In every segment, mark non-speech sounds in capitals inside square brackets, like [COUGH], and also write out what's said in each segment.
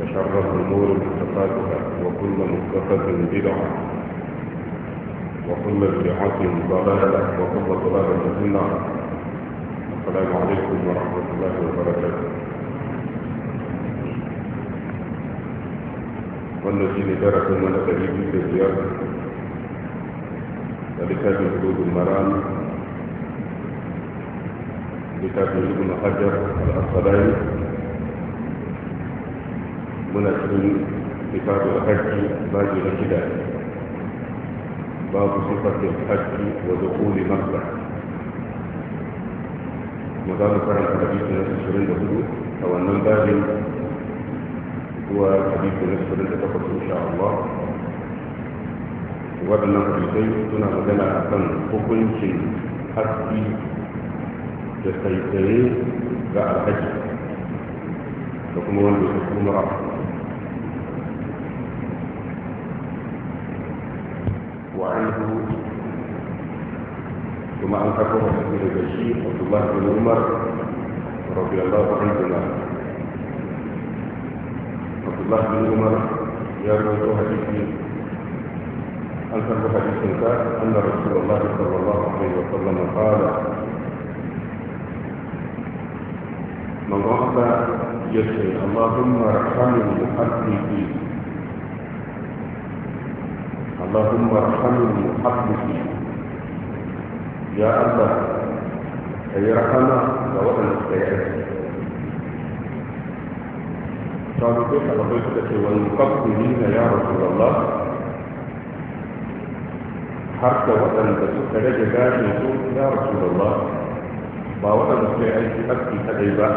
وشر الأمور محدثاتها وكل محدثة بدعة وكل بدعة ضلالة وكل ضلالة في النار السلام عليكم ورحمة الله وبركاته والذين درسوا من تجيب في الزيارة ولكتاب حدود المرام لكتاب ابن حجر الأصلين muna cikin kitabul hajji babu na shida babu sifatul hajji wa dukhuli makka mu za mu karanta hadisi na 24 a wannan babin zuwa hadisi na 28 insha Allah waɗannan hadisai suna magana a kan hukuncin hajji da tsaitsaye ga alhaji da kuma wanda ya kuma وعنه ثم عن كفر بن بشير عبد الله بن عمر رضي الله عنهما عبد الله بن عمر يروي حديث عن كفر حديث كان ان رسول الله صلى الله عليه وسلم قال من رأى يسأل اللهم ارحم المحدثين اللهم ارحمني وحفظني يا الله كي رحمة ووطن السيئات قالوا كيف رضيتك والمقبلين يا رسول الله حتى وطن بسك يا رسول الله ba waɗanda suka yi aiki aski kadai ba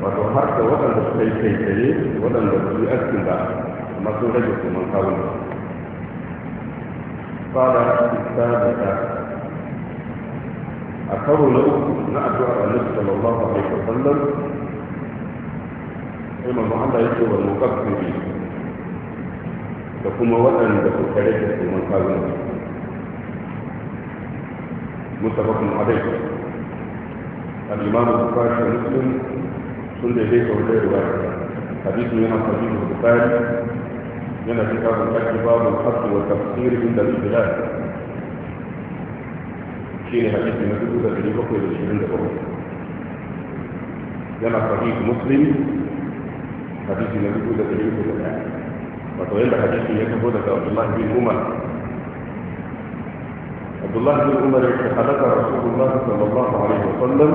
wato har da waɗanda suka yi kai tsaye waɗanda su yi aski ba amma sun rage kuma kawunan قال في الثابتة أكبر له نأتوا على النبي صلى الله عليه وسلم إما محمد يسوى المكفرين da kuma waɗanda suka rage domin kawai mustafakun adai al'imamu bukari da muslim sun da zai kawai da ruwa hadisun yana sahihu bukari من كتاب الحج باب الحج والتفسير عند الاختلاف شيني حديث من كتب الحديث وقل عند دبرون جمع صحيح مسلم حديث من كتب الحديث وقل وطويل حديث يكتب عبد الله بن عمر عبد الله بن عمر حدث رسول الله صلى الله عليه وسلم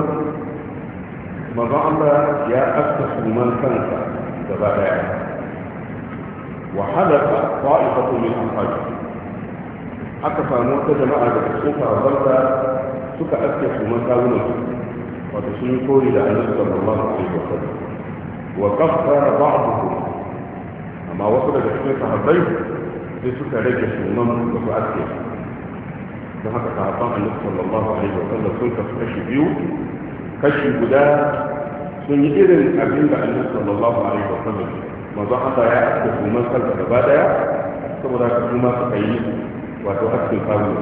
ما ظل يا أكثر من كنت تبعها وحلف طائفة من أنحاج حتى فأموت جماعة بكسوكا وبرتا سكا أكيس ومن كاونا وتسنكو إلى أن يسلم الله عليه وسلم وكفر بعضهم أما وصل جسميك هربيه لسكا ليك سنم وسأكيس فهذا تعطى أن يسلم الله عليه وسلم سكة سنكا سكشي بيوت كشي بداء سنجد أبين بأن يسلم الله عليه وسلم mazan aka ya aka kuma kanta gaba daya saboda ka kuma suka yi wato aka faru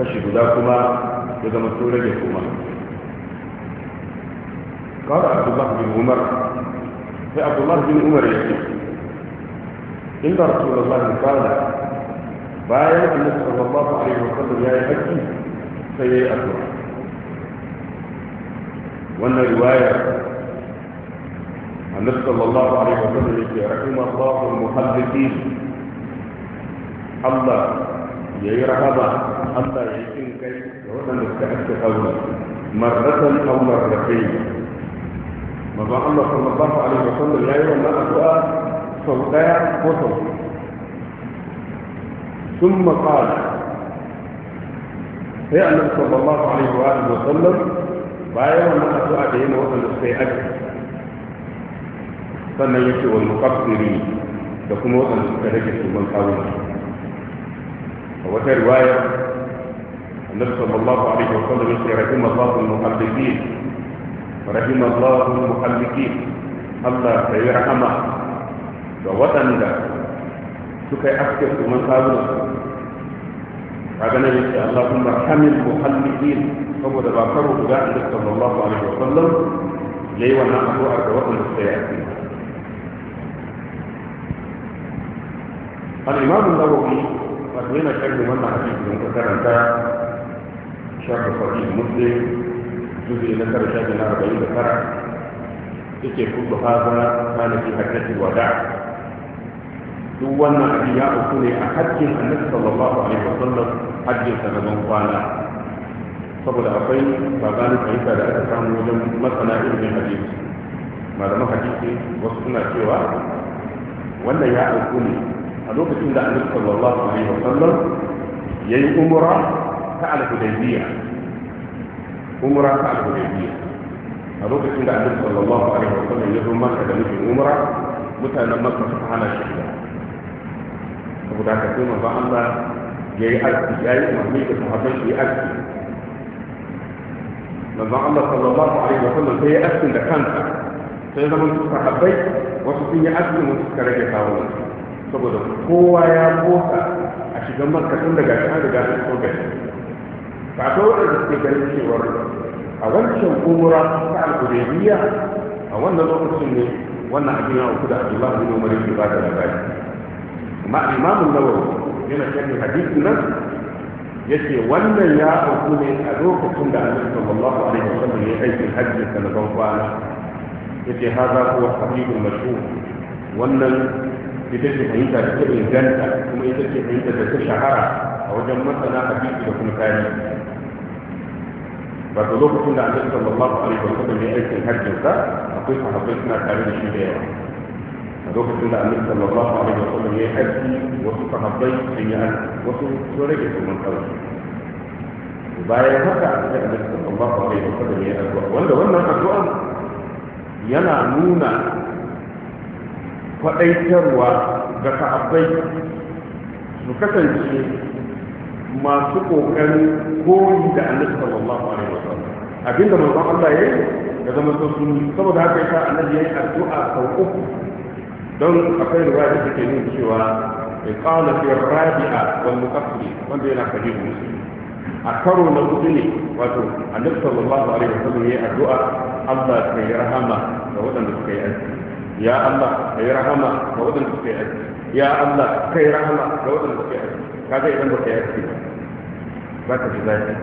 kashi guda kuma ya zama sun rage kuma kawai abdullahi bin umar sai abdullahi bin umar ya ce inda rasulun allah bin kala bayan annabi sallallahu alaihi wa sallam ya yi haƙƙi sai ya yi addu'a wannan riwayar النبي صلى الله عليه وسلم رحم الله المحدثين الله يرحم الله يكن كي يوضع نستعد قولا مرة أو مرتين مضى الله صلى الله عليه وسلم لا يوم أسوأ سلطان قصر ثم قال فعلا صلى الله عليه وآله وسلم بايا ما أسوأ دين وصل السيئة sannan yake wa muqaffiri da kuma wadanda suka rage tuban kawo a wata riwaya annabi sallallahu alaihi wa sallam yake rahim Allah al muhallikin rahim Allah al muhaddithin Allah ta yi rahama ga wadanda suka yi aske tuban kawo kaga nan yake Allahumma hamil muhallikin saboda ba karo guda annabi sallallahu alaihi wa sallam yayi wannan addu'a ga waɗanda suka yi al'imamun nawawi wato yana sharhin wannan hadisi da karanta shafa fadi muslim juzi na tara shafi na arba'in da tara yake kudu haza kana fi hajjatul wada' duk wannan abin ya auku ne a hajjin annabi sallallahu alaihi wa sallam hajjin sa gaban kwana saboda akwai babani fahimta da aka samu wajen masana ilimin hadisi wasu suna cewa wannan ya ne a lokacin da annabi sallallahu alaihi wa sallam yayi umra ta al-hudaybiya umra ta al-hudaybiya a lokacin da annabi sallallahu alaihi wa sallam ya zo maka da nufin umra mutanen makka suka hana shi da saboda haka sai manzo Allah yayi aski yayi umarni da sahabbai yayi aski manzo Allah sallallahu alaihi wa sallam sai ya aski da kansa sai zaman su sahabbai wasu sun yi aski wasu suka rage kawo saboda kowa ya boka a shigan makka tun daga shi an riga sun koka shi ba ta wadda suke ganin cewar a wancan umura ta al-hudaybiyya a wannan lokacin ne wannan abin ya uku da abdullahi ne umar yake ba da labari amma imamu nawawi yana sharhin hadisi nan Ya ce wannan ya uku ne a lokacin da annabi sallallahu alaihi wasallam ya aikin hajji sanadon kwana yace hada huwa hadithul mashhur wannan ita ce fahimta da ta inganta kuma ita ce fahimta da ta shahara a wajen masana hadisi da kuma tarihi wato lokacin da annabi sallallahu alaihi wa sallam ya aikin hajjin sa akwai sahabbai suna tare da shi da yawa a lokacin da annabi sallallahu alaihi wa sallam ya yi hajji wasu sahabbai sun yi hajji wasu sun rage su mun kawai bayan haka sai annabi sallallahu alaihi wa sallam ya yi addu'a wanda wannan addu'a yana nuna faɗaitarwa ga ta'abbai su kasance masu ƙoƙarin koyi da annabi sallallahu alaihi sallam abinda manzon Allah yayi ga zaman sun saboda haka yasa annabi yayi addu'a sau uku don akwai riwaya da take nuna cewa ya qala fi rabi'a wal muqaddi wanda yana kaji musu a karo na hudu ne wato annabi sallallahu alaihi sallam yayi addu'a Allah ya rahama ga waɗanda suka yi aiki ya Allah ka yi rahama ga waɗanda suka yi aiki ya Allah ka yi rahama ga waɗanda suka yi aiki kaga idan ba ka yi aiki ba ka ji zafi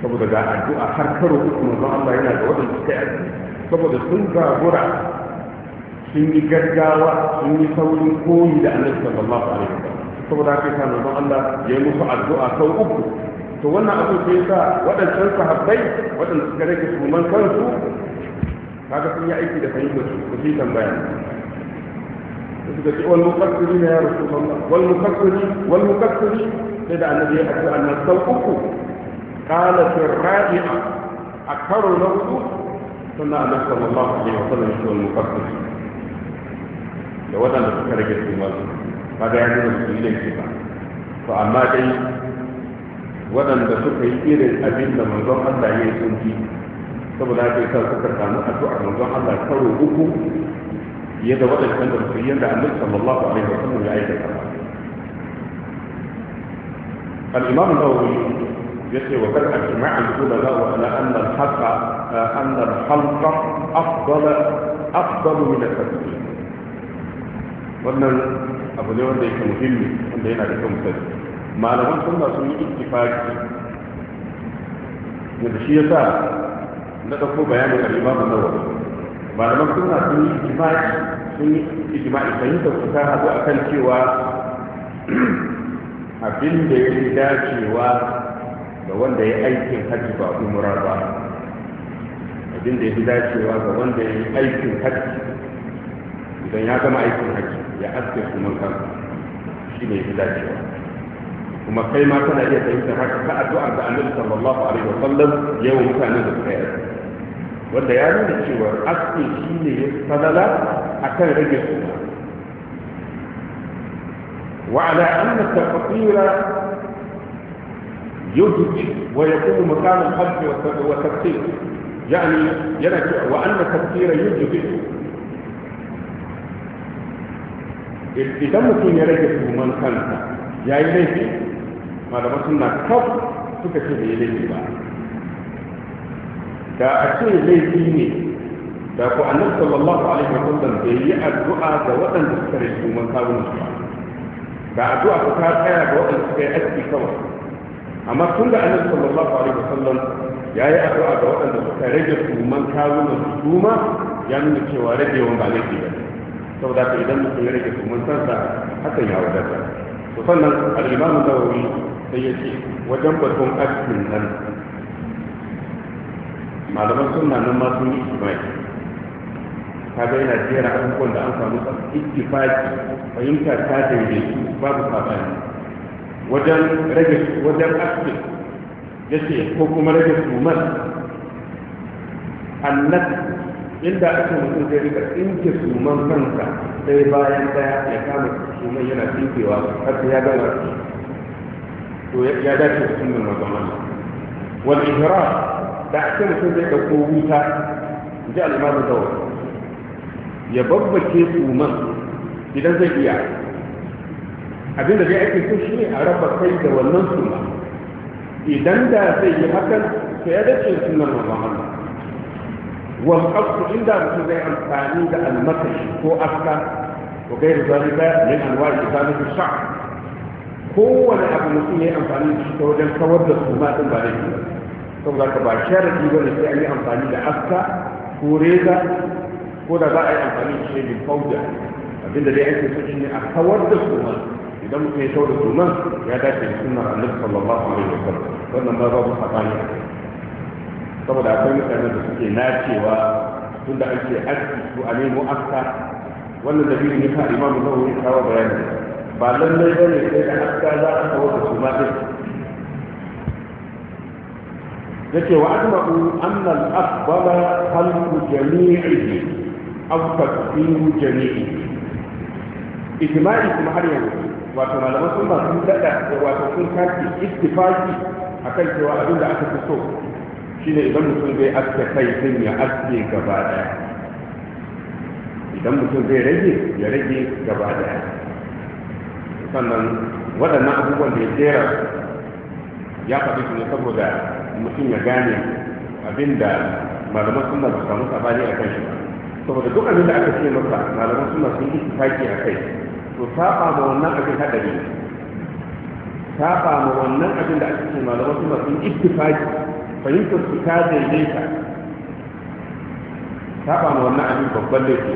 saboda ga addu'a har karo uku manzon Allah yana ga waɗanda suka yi aiki saboda sun zabura sun yi gaggawa sun yi saurin koyi da annabi sallallahu alaihi wasallam saboda haka yasa manzon Allah ya yi musu addu'a sau uku to wannan abu ke sa waɗancan sahabbai waɗanda suka rage suman kansu kaga sun yi aiki da fahimta su su yi tambaya suka ce wal mukassiri ya rasulullah wal mukassiri wal mukassiri sai da annabi ya ce annan sau uku qala fi rabi'a a karo na uku sannan annabi sallallahu alaihi wasallam ya ce wal mukassiri da wadanda suka rage su ma kaga ya nuna su yi ba to amma dai waɗanda suka yi irin abin da manzon Allah ya yi sun ji saboda haka yasa suka samu addu'ar manzon Allah karo uku fiye da waɗancan da su yanda annabi sallallahu alaihi wasallam ya aikata al-imam nawawi yace wa kad ajma'a al-ulama wa ala anna al-haqq anna al-khalq afdal afdal min al-tafsir wannan abu ne wanda yake muhimmi wanda yana da kan sani malaman sunna sun yi ittifaqi da shi yasa na ɗauko bayanin al'imamu nawawi malaman suna sun yi ijima'i sun yi ijma'i fahimtar su ta haɗu a kan cewa [CLEARS THROAT] abin da ya fi dacewa ga wanda ya aikin hajji ba umura ba abin da ya fi dacewa ga wanda ya yi aikin hajji idan ya gama aikin hajji ya aske sunan kansa shi ne ya fi dacewa kuma kai ma kana iya fahimtar haka ta addu'ar da annabi sallallahu alaihi wa sallam yawan mutanen da suka yi wanda ya nuna cewa aski shi ne ya falala a kan rage suna wa ala anna tafaqira yujji wa yakunu makanan hajji wa tafsir yani yana cewa wa anna tafsira yujji idan mutum ya rage suman kansa ya yi laifi malamai suna kaf suka ce bai yi laifi ba da a ce laifi ne da ku annabi sallallahu alaihi wa sallam bai yi addu'a ga waɗanda suka rage mun sabon su da addu'a ta tsaya ga waɗanda suka yi aski kawai amma tun da annabi sallallahu alaihi wa sallam ya yi addu'a ga waɗanda suka rage tuman kawunan su ma ya nuna cewa rage wani ba laifi ba saboda ka idan mutum ya rage tuman sansa hakan ya wadata to sannan al'imamu nawawi sai ya ce wajen batun askin nan malaman suna nan ma sun yi Ta kaga yana jera abubuwan da an samu ittifaqi fahimta ta daidaitu babu sabani wajen rage wajen ya ce ko kuma rage suman annas inda ake mutum zai rika tsinke suman kansa sai bayan daya ya kama suman yana tsinkewa har ya gama to ya dace da sunan mazan Allah wal da a cikin mutum zai ɗauko wuta ji al'amarin zawar ya babbace tsuman idan zai iya abinda zai ake so shi ne a raba kai da wannan tsuma idan da zai yi hakan to ya dace sunan Muhammad wal qasd inda mutum zai amfani da almakashi ko aska ko وغير ذلك من انواع ازاله الشعر kowane abu mutum ya amfani da shi ta wajen kawar da su ma ɗin ba laifi saboda ka ba sharadi ba ne sai an yi amfani da aska ko reza ko da za a yi amfani da shi bin fauda abinda dai ake so shine a kawar da suma idan mutum ya kawar da suma ya dace da sunnar annabi sallallahu alaihi wasallam wannan ba babu sabani saboda akwai mutanen da suke nacewa da ake aski ko a nemo aska wannan dalilin ya sa imamu nawawi kawo bayani ba lallai bane sai da aska za a kawar da suma din لكي وأجمعوا أن الأفضل خلق جميعه أو تقسيم جميعه إجماع إجماع يعني واتو مالا مسلمة مدلة واتو كن كاتي اتفاقي أكل سواء أبين لأسف السوق شين إذا مسلم بي أسك كي سمي أسك كبادا إذا مسلم بي رجي يرجي كبادا فنن ودنا أبوان يجيرا يا قبيس نتبه ذلك mutum ya gane abin da malaman suna ba samu sabani a kan shi ba saboda duk abin da aka ce masa malaman suna sun yi taki a kai to saba ma wannan abin hadari saba ma wannan abin da aka ce malaman suna sun yi ittifaki fahimtar su ta daidaita saba ma wannan abin babban laifi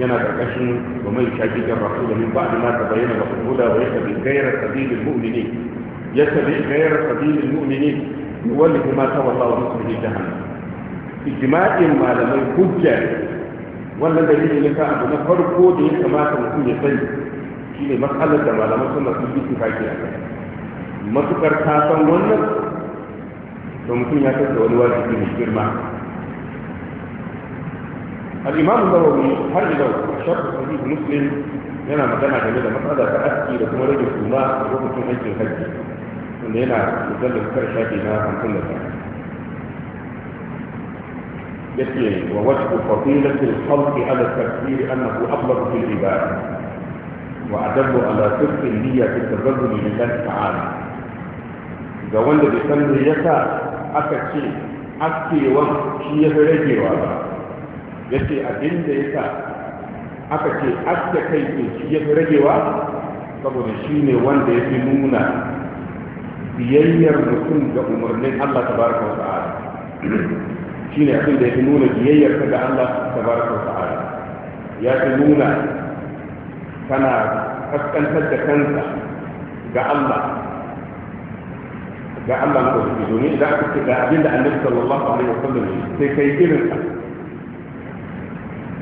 yana karkashin wa mai shaƙi da rasu da min ba'di ma ta bayyana ba ku da wa yaka bi ghayra sabilil mu'minin يتبع غير سبيل المؤمنين يوله ما تولى ونصره جهنم اجماع ما لم حجة wannan dalili ne ka abu na farko da ya kamata mutum ya sani shi ne matsalar da malaman suna sun a tuka ke matukar ta san wannan to mutum ya tattara wani wajibi mai girma al har ila sharh yana magana game da matsalar da aski da kuma rage suna a lokacin aikin hajji wanda yana mujallar karshe na hamsin da yake wa wajhu fadilati al-khalqi ala takbir annahu ablagh fil ibada wa adallu ala sirri niyya fi tabarruz lillahi ta'ala ga wanda bai san me yasa aka ce askewa shi ya fi ragewa ba yace abin da yasa aka ce aske kai shi ya fi ragewa saboda shi ne wanda ya fi nuna biyayyar mutum ga umarnin Allah tabaraka wa ta'ala shine abin da yake nuna biyayyar ka ga Allah tabaraka wa ta'ala ya ta nuna kana kaskantar da kanka ga Allah ga Allah ko shi domin idan aka ce ga abin da Annabi sallallahu alaihi wasallam sai kai irin ka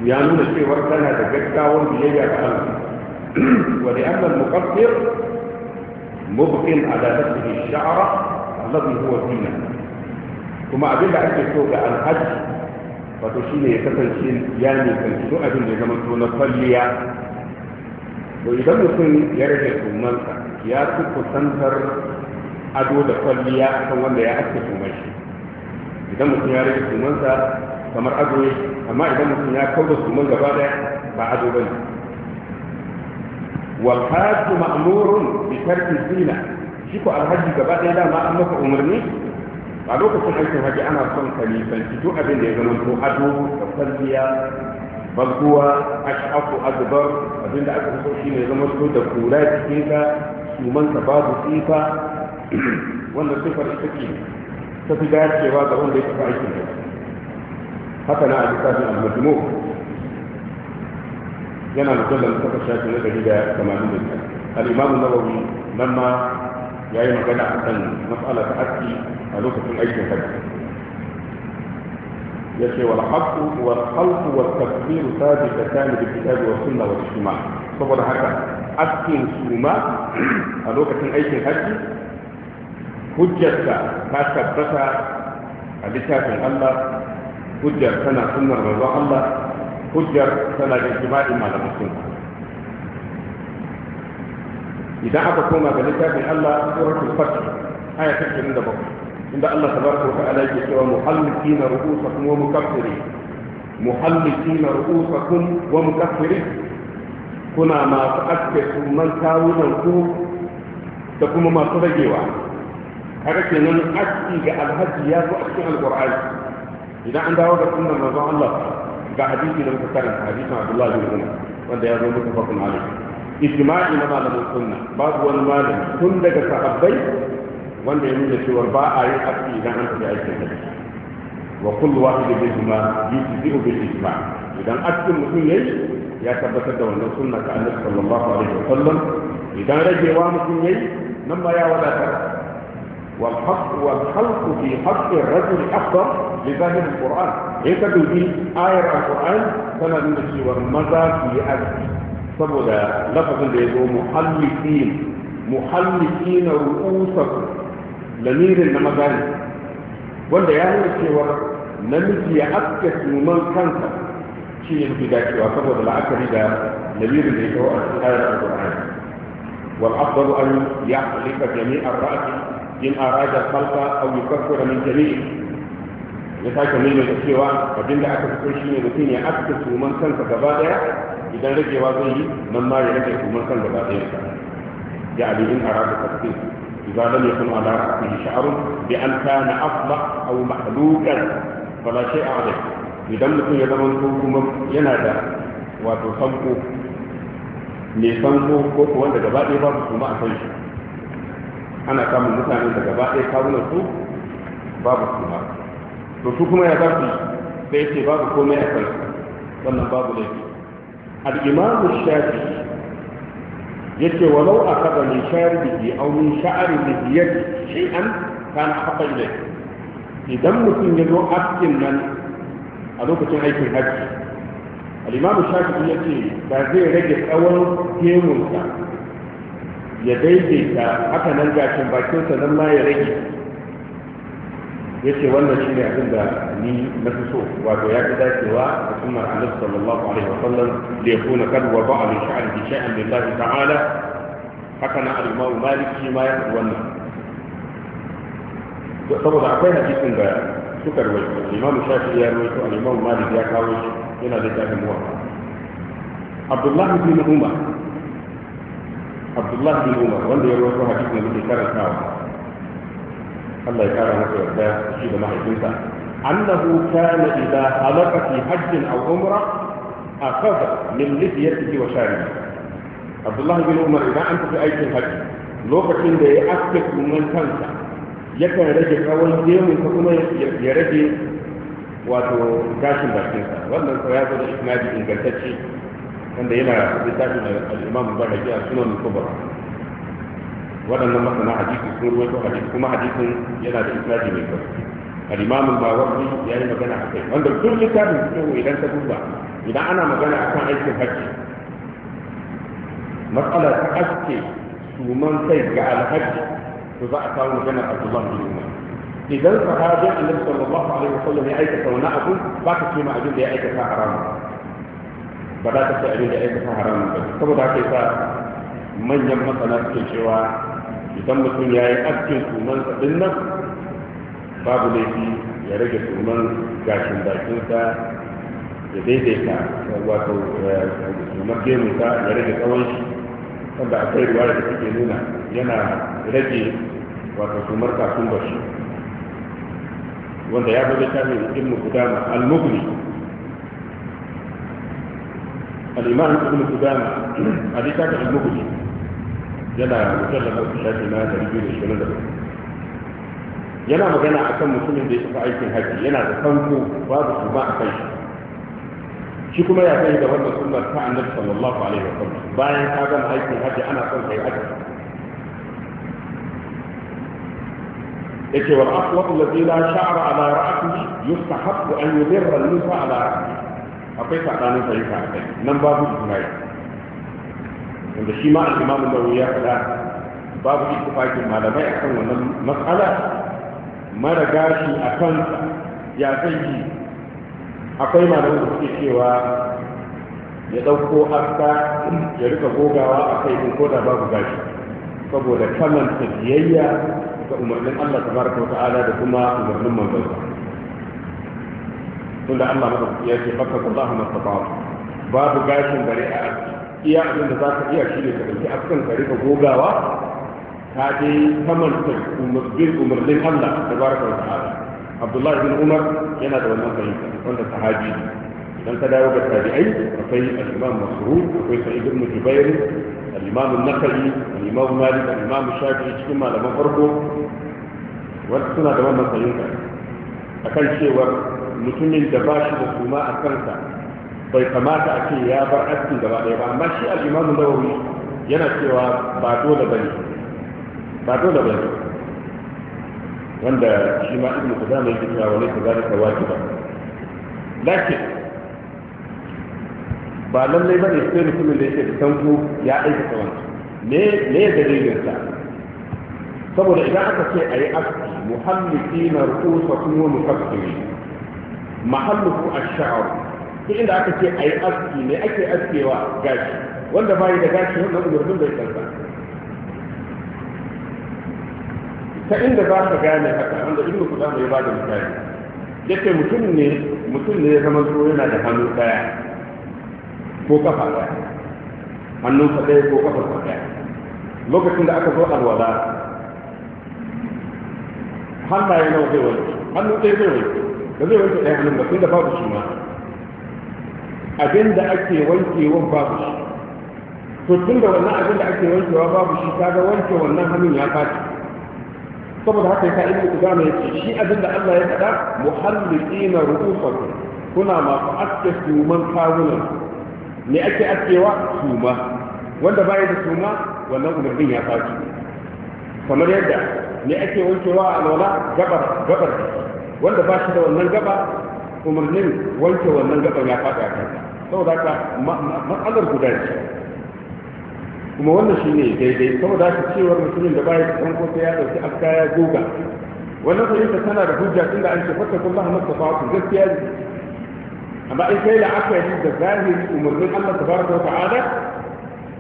ya nuna cewa kana da gaggawar biyayya ga Allah wa li anna al-muqaddir مبقٍ على نفسه الشعر الذي هو زينة kuma abin da ake so ga alhaji wato shi ne ya kasance ya ne kanci abin da zama to na kwalliya to idan mutum ya rage tumansa ya fi kusantar ado da kwalliya kan wanda ya aske tuman shi idan mutum ya rage tumansa kamar ado amma idan mutum ya kauda tuman gaba daya ba ado ba ne. والحاج مأمور بترك الزينة شكو الحج gaba ɗaya dama an maka umarni a lokacin aikin haji ana son kalifanci duk abin da ya zama ko ado da kwalliya balguwa ash'afu azbar abin da aka so shine zama so da kura cikin ka suman ka babu tsifa wanda sifar ita ce ta fi dacewa ga wanda ya tafi aikin haji haka na a lissafin al yana mujallar saka shafi na dari da tamanin da biyar al'imamu nawawi nan ma ya yi magana a kan matsala ta aski a lokacin aikin hajji ya ce wal haqqu wal khalqu wal da sabitatan bil kitab wa sunna wa ijma saboda haka askin suma a lokacin aikin hajji hujjarta ta tabbata a littafin Allah hujjar tana sunnar manzon Allah hujjar tana da jima'i malamin sunna idan aka koma ga littafin Allah suratul fath aya ta 27 inda Allah tabaraka wa ta'ala yake cewa muhallikina ru'usakum wa mukaffirin muhallikina ru'usakum wa mukaffirin kuna masu aske man kawunan ku da kuma masu ragewa haka kenan aski ga alhaji ya zo a cikin alqur'ani idan an dawo ga sunnar manzon Allah ga hadisi da muka karanta hadisin Abdullah bin Umar wanda ya zo muka fakun alai ijma'i na malamin sunna babu wani malami tun daga sahabbai wanda ya nuna cewa ba a yi aski idan an tafi aikin da wa kullu wahid minhuma yujzi'u bil ijma' idan askin mutum yayi ya tabbatar da wannan sunna ta Annabi sallallahu alaihi wa sallam idan ragewa mutum yayi nan ba ya wadatar والحق والخلق في حق الرجل أفضل bi zahirin ya in ka dubi ayar alquran tana nuna cewa maza su yi azumi saboda lafazin da ya zo muhallikin muhallikin ru'usakum lamirin na maza ne wanda ya nuna cewa namiji ya aske suman kansa shi saboda la'akari da lamirin da ya kawo a cikin ayar alquran والأفضل أن يحلق جميع الرأس إن أراد الخلق أو يكفر من جميعه ya sake nuna da cewa abin da aka fito shi ne mutum ya aska suman kansa gaba daya idan ragewa zai yi nan ma ya rage suman kan gaba daya ya alihin a kuma tafsir rafi da sha'arun bi an ta na Afla a أو محلوقا falashe a عليه idan mutum ya zama ko kuma yana da wato sanko mai sanko ko kuwa wanda gaba ɗaya babu kuma a san shi ana samun mutane da gaba ɗaya kawunan su babu kuma to su kuma ya za sai ce babu komai a kan wannan babu laifi al-imamu shafi yace walau akaba min sharibihi aw min sha'rihi biyadi ta na haqa ilayhi idan mutum ya zo askin nan a lokacin aikin hajji al-imamu shafi yace ba zai rage tsawon gemunsa ya daidaita haka nan gashin bakinsa nan ma ya rage ya ce wannan shi ne abin da ni na fi so wato ya fi dacewa a sunnar annabi sallallahu alaihi wasallam da ya kuna kad wa ba'a min sha'ani sha'an lillahi ta'ala haka na al-imam malik shi ma ya fi wannan saboda akwai hadisin da suka rawaito imam shafi ya rawaito al-imam malik ya kawo shi yana da tafin wa abdullahi bin umar abdullahi bin umar wanda ya rawaito hadisin da muke karantawa Allah ya kara masa yarda shi da mahaifinsa annahu kana idza halaka fi hajjin aw umra akhadha min lihiyatihi wa sharihi Abdullah bin Umar idan an tafi aikin hajji lokacin da ya aske kuman kansa yakan rage tsawon gemun ka kuma ya rage wato gashin bakinsa wannan ko ya zo da isnadi ingantacce wanda yana littafin al-Imam Bukhari a sunan Kubra waɗannan masana hadisi sun ruwaito hadisi kuma hadisin yana da isnadi mai kyau al-imam al-bawardi ya yi magana a kai wanda duk littafin fiqh idan ka duba idan ana magana akan aikin hajji matsala ta aske suman kai ga alhaji to za a samu magana abdullah bin umar idan sahabin annabi sallallahu alaihi wasallam ya aikata wani abu ba ka ce ma abin da ya aikata haram ba za ka ce abin da ya aikata haram ba saboda haka yasa manyan masana suke cewa idan mutum ya yi askin suman sabin nan babu laifi ya rage suman gashin bakinsa ya daidaita wato eh, suman gemunsa ya rage tsawon shi wanda akwai ruwa da suke nuna yana rage wato sumar kasun bashi wanda ya bude ta mu guda ma al-mughni al-imam ibn kudama a littafin al-mughni yana mutum da mafi shafi na da biyu da shirin da yana magana a kan mutumin da ya tafi aikin haji yana da sanko babu su ba a kai. shi shi kuma ya kai da wannan sunnar ta annabi sallallahu alaihi wa sallam bayan ka gama aikin haji ana son kai haji yake wa aqwat alladhi la sha'ra ala ra'sihi yustahabbu an yudirra an-nisa ala ra'sihi akwai sadanin sai ka kai nan babu jima'i wanda shi ma al-imam an-nawawi ya faɗa babu ittifaqin malamai akan wannan matsala mara gashi a kansa ya zai yi akwai malamai da suke cewa ya ɗauko aska ya rika gogawa a kai ko da babu gashi saboda kamanta biyayya ga umarnin Allah tabaraka wa ta'ala da kuma umarnin manzon tunda Allah madaukaki ya ce fakka Allahu mastafa babu gashin bare a aski iya abin da za ka iya shi ne ka ɗauki askan ka rika gogawa ka je saman bin umarnin Allah da baraka wa ta'ala Abdullahi bin Umar yana da wannan fahimta wanda sahabi idan ka dawo ga tabi'ai akwai al-Imam Masrur akwai Sa'id ibn Jubair al-Imam an-Nakhai al-Imam Malik al-Imam Shafi'i cikin malaman farko wanda suna da wannan fahimta akan cewa mutumin da ba shi da suma a kansa bai kamata a ce ya bar aski gaba ɗaya ba amma shi al'imamu nawawi yana cewa ba dole ba ne ba dole ba ne wanda shi ma ibn kudama yake cewa wani ku zalika wajiba lakin ba lallai ba ne sai mutumin da yake da tanko ya aikata wani ne ya dalilinsa saboda idan aka ce a yi aski muhalliki na rukusa kuma mukaffiri mahalluku a sha'aru duk inda aka ce a yi aski ne ake askewa gashi wanda ba yi da gashi wannan umarnin bai karba ta inda za ka gane haka wanda ibnu kudama ya bada misali yace mutum ne mutum ne ya zama so yana da hannu daya ko kafa daya hannunsa daya ko kafarsa daya lokacin da aka zo alwala hannaye nawa zai wanke hannu ɗaya zai wanke da zai wanke ɗaya hannun ba tun da babu shi ma abin da ake wankewa babu shi to tun da wannan abin da ake wankewa babu shi ta ga wanke wannan hannun ya fata, saboda haka ka ibnu kudama yace shi abin da Allah ya faɗa muhalliqina ru'usakum kuna masu aske suman kawuna, ne ake askewa suma wanda baya da suma wannan umarnin ya faɗi kamar yadda ne ake wankewa a lola? gabar gabar wanda ba shi da wannan gaba umarnin wanke wannan gaban ya faɗa a kanka saboda haka matsalar guda ce kuma wannan shi ne daidai saboda haka cewar mutumin da baya kan ko sai ya ɗauki aska ya goga wannan fahimta tana da hujja tun da an ce fata kuma a masa fa'a gaskiya ne amma in kai la'akari da zahiri umarnin Allah ta tabaraka wa ta'ala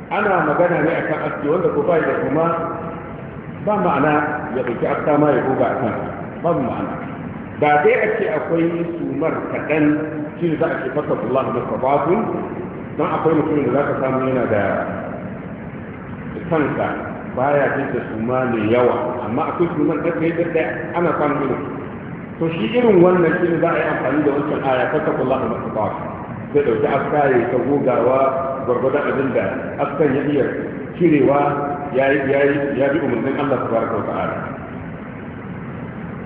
ana magana ne a kan aski wanda ko bai da kuma ba ma'ana ya ɗauki aska ma ya goga a kanka babu ma'ana ba dai a ce akwai sumar kaɗan shi za a ce fasa Allah da sabatun don akwai mutumin da za ka samu yana da kanka baya jin da suma mai yawa amma akwai suman da kai da ana samu yana. to shi irin wannan shi za a yi amfani da wancan aya fasa Allah da sabatun zai ɗauki aska ya ta gogawa gwargwadon abin da askan ya iya cirewa ya bi umarnin Allah tabaraka wa ta'ala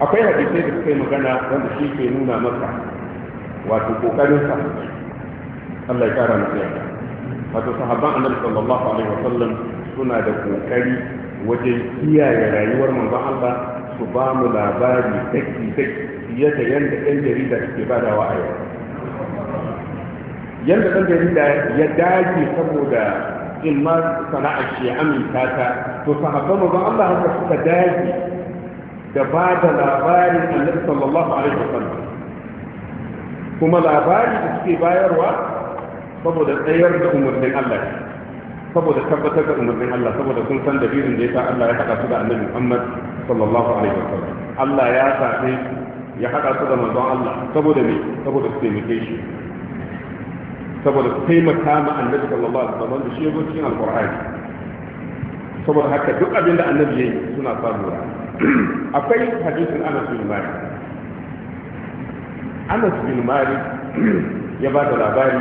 akwai hadisai da suka yi magana wanda shi ke nuna masa wato kokarinsa Allah ya kara masa yarda wato sahabban annabi sallallahu alaihi wa sallam suna da kokari wajen kiyaye rayuwar manzon Allah su ba mu labari daki daki fiye da yanda ɗan jarida suke ba da yau yanda ɗan jarida ya dage saboda in ma sana'ar shi aminta ta to sahabban manzon Allah haka suka dage da ba da labarin annabi sallallahu alaihi wasallam kuma labarin da suke bayarwa saboda tsayar da umarnin Allah saboda tabbatar da umarnin Allah saboda sun san dalilin da yasa Allah ya haɗa su da annabi Muhammad sallallahu alaihi wasallam Allah ya zaɓe ya haɗa su da manzon Allah saboda me saboda su taimake shi saboda su taimaka ma annabi sallallahu alaihi wasallam da shi ya cikin alqur'ani saboda haka duk abin da annabi yayi suna samu akwai hadisin anas bin malik anas bin malik ya ba da labari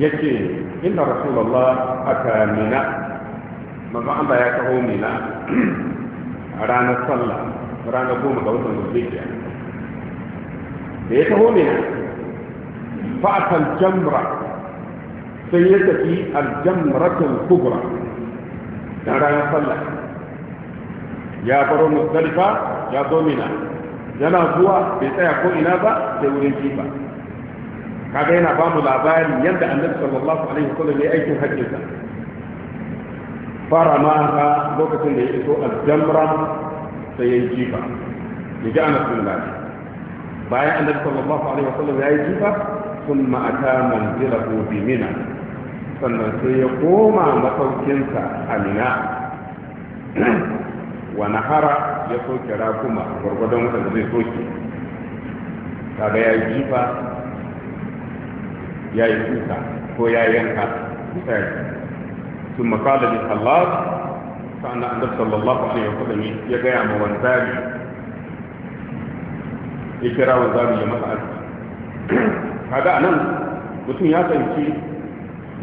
ya ce inda rasulallah aka mina manzo Allah ya taho mina a ranar sallah ranar goma ga watan zulhijja da ya taho mina fa'atan jamra sai ya tafi aljamratin kubra dan ranar sallah ya baro musdalifa ya domina. yana zuwa bai tsaya ko ina ba sai wurin jifa kaga yana ba mu labarin yadda annabi sallallahu alaihi wasallam ya aikin hajjinsa fara ma ha lokacin da ya iso aljamra sai ya yi jifa ya ji anas bin malik bayan annabi sallallahu alaihi wasallam ya yi jifa ثم أتى منزله بمنى sannan sai ya koma masaukinsa a wa nahara ya soke rakuma gwargwadon waɗanda zai soke kaga ya yi jifa ya yi kusa ko ya yanka kusa ya sun makala da halal sa'an annabi sallallahu alaihi wa sallam ya gaya ma wanzari ya kira wanzari ya masa kaga anan mutum ya tsanci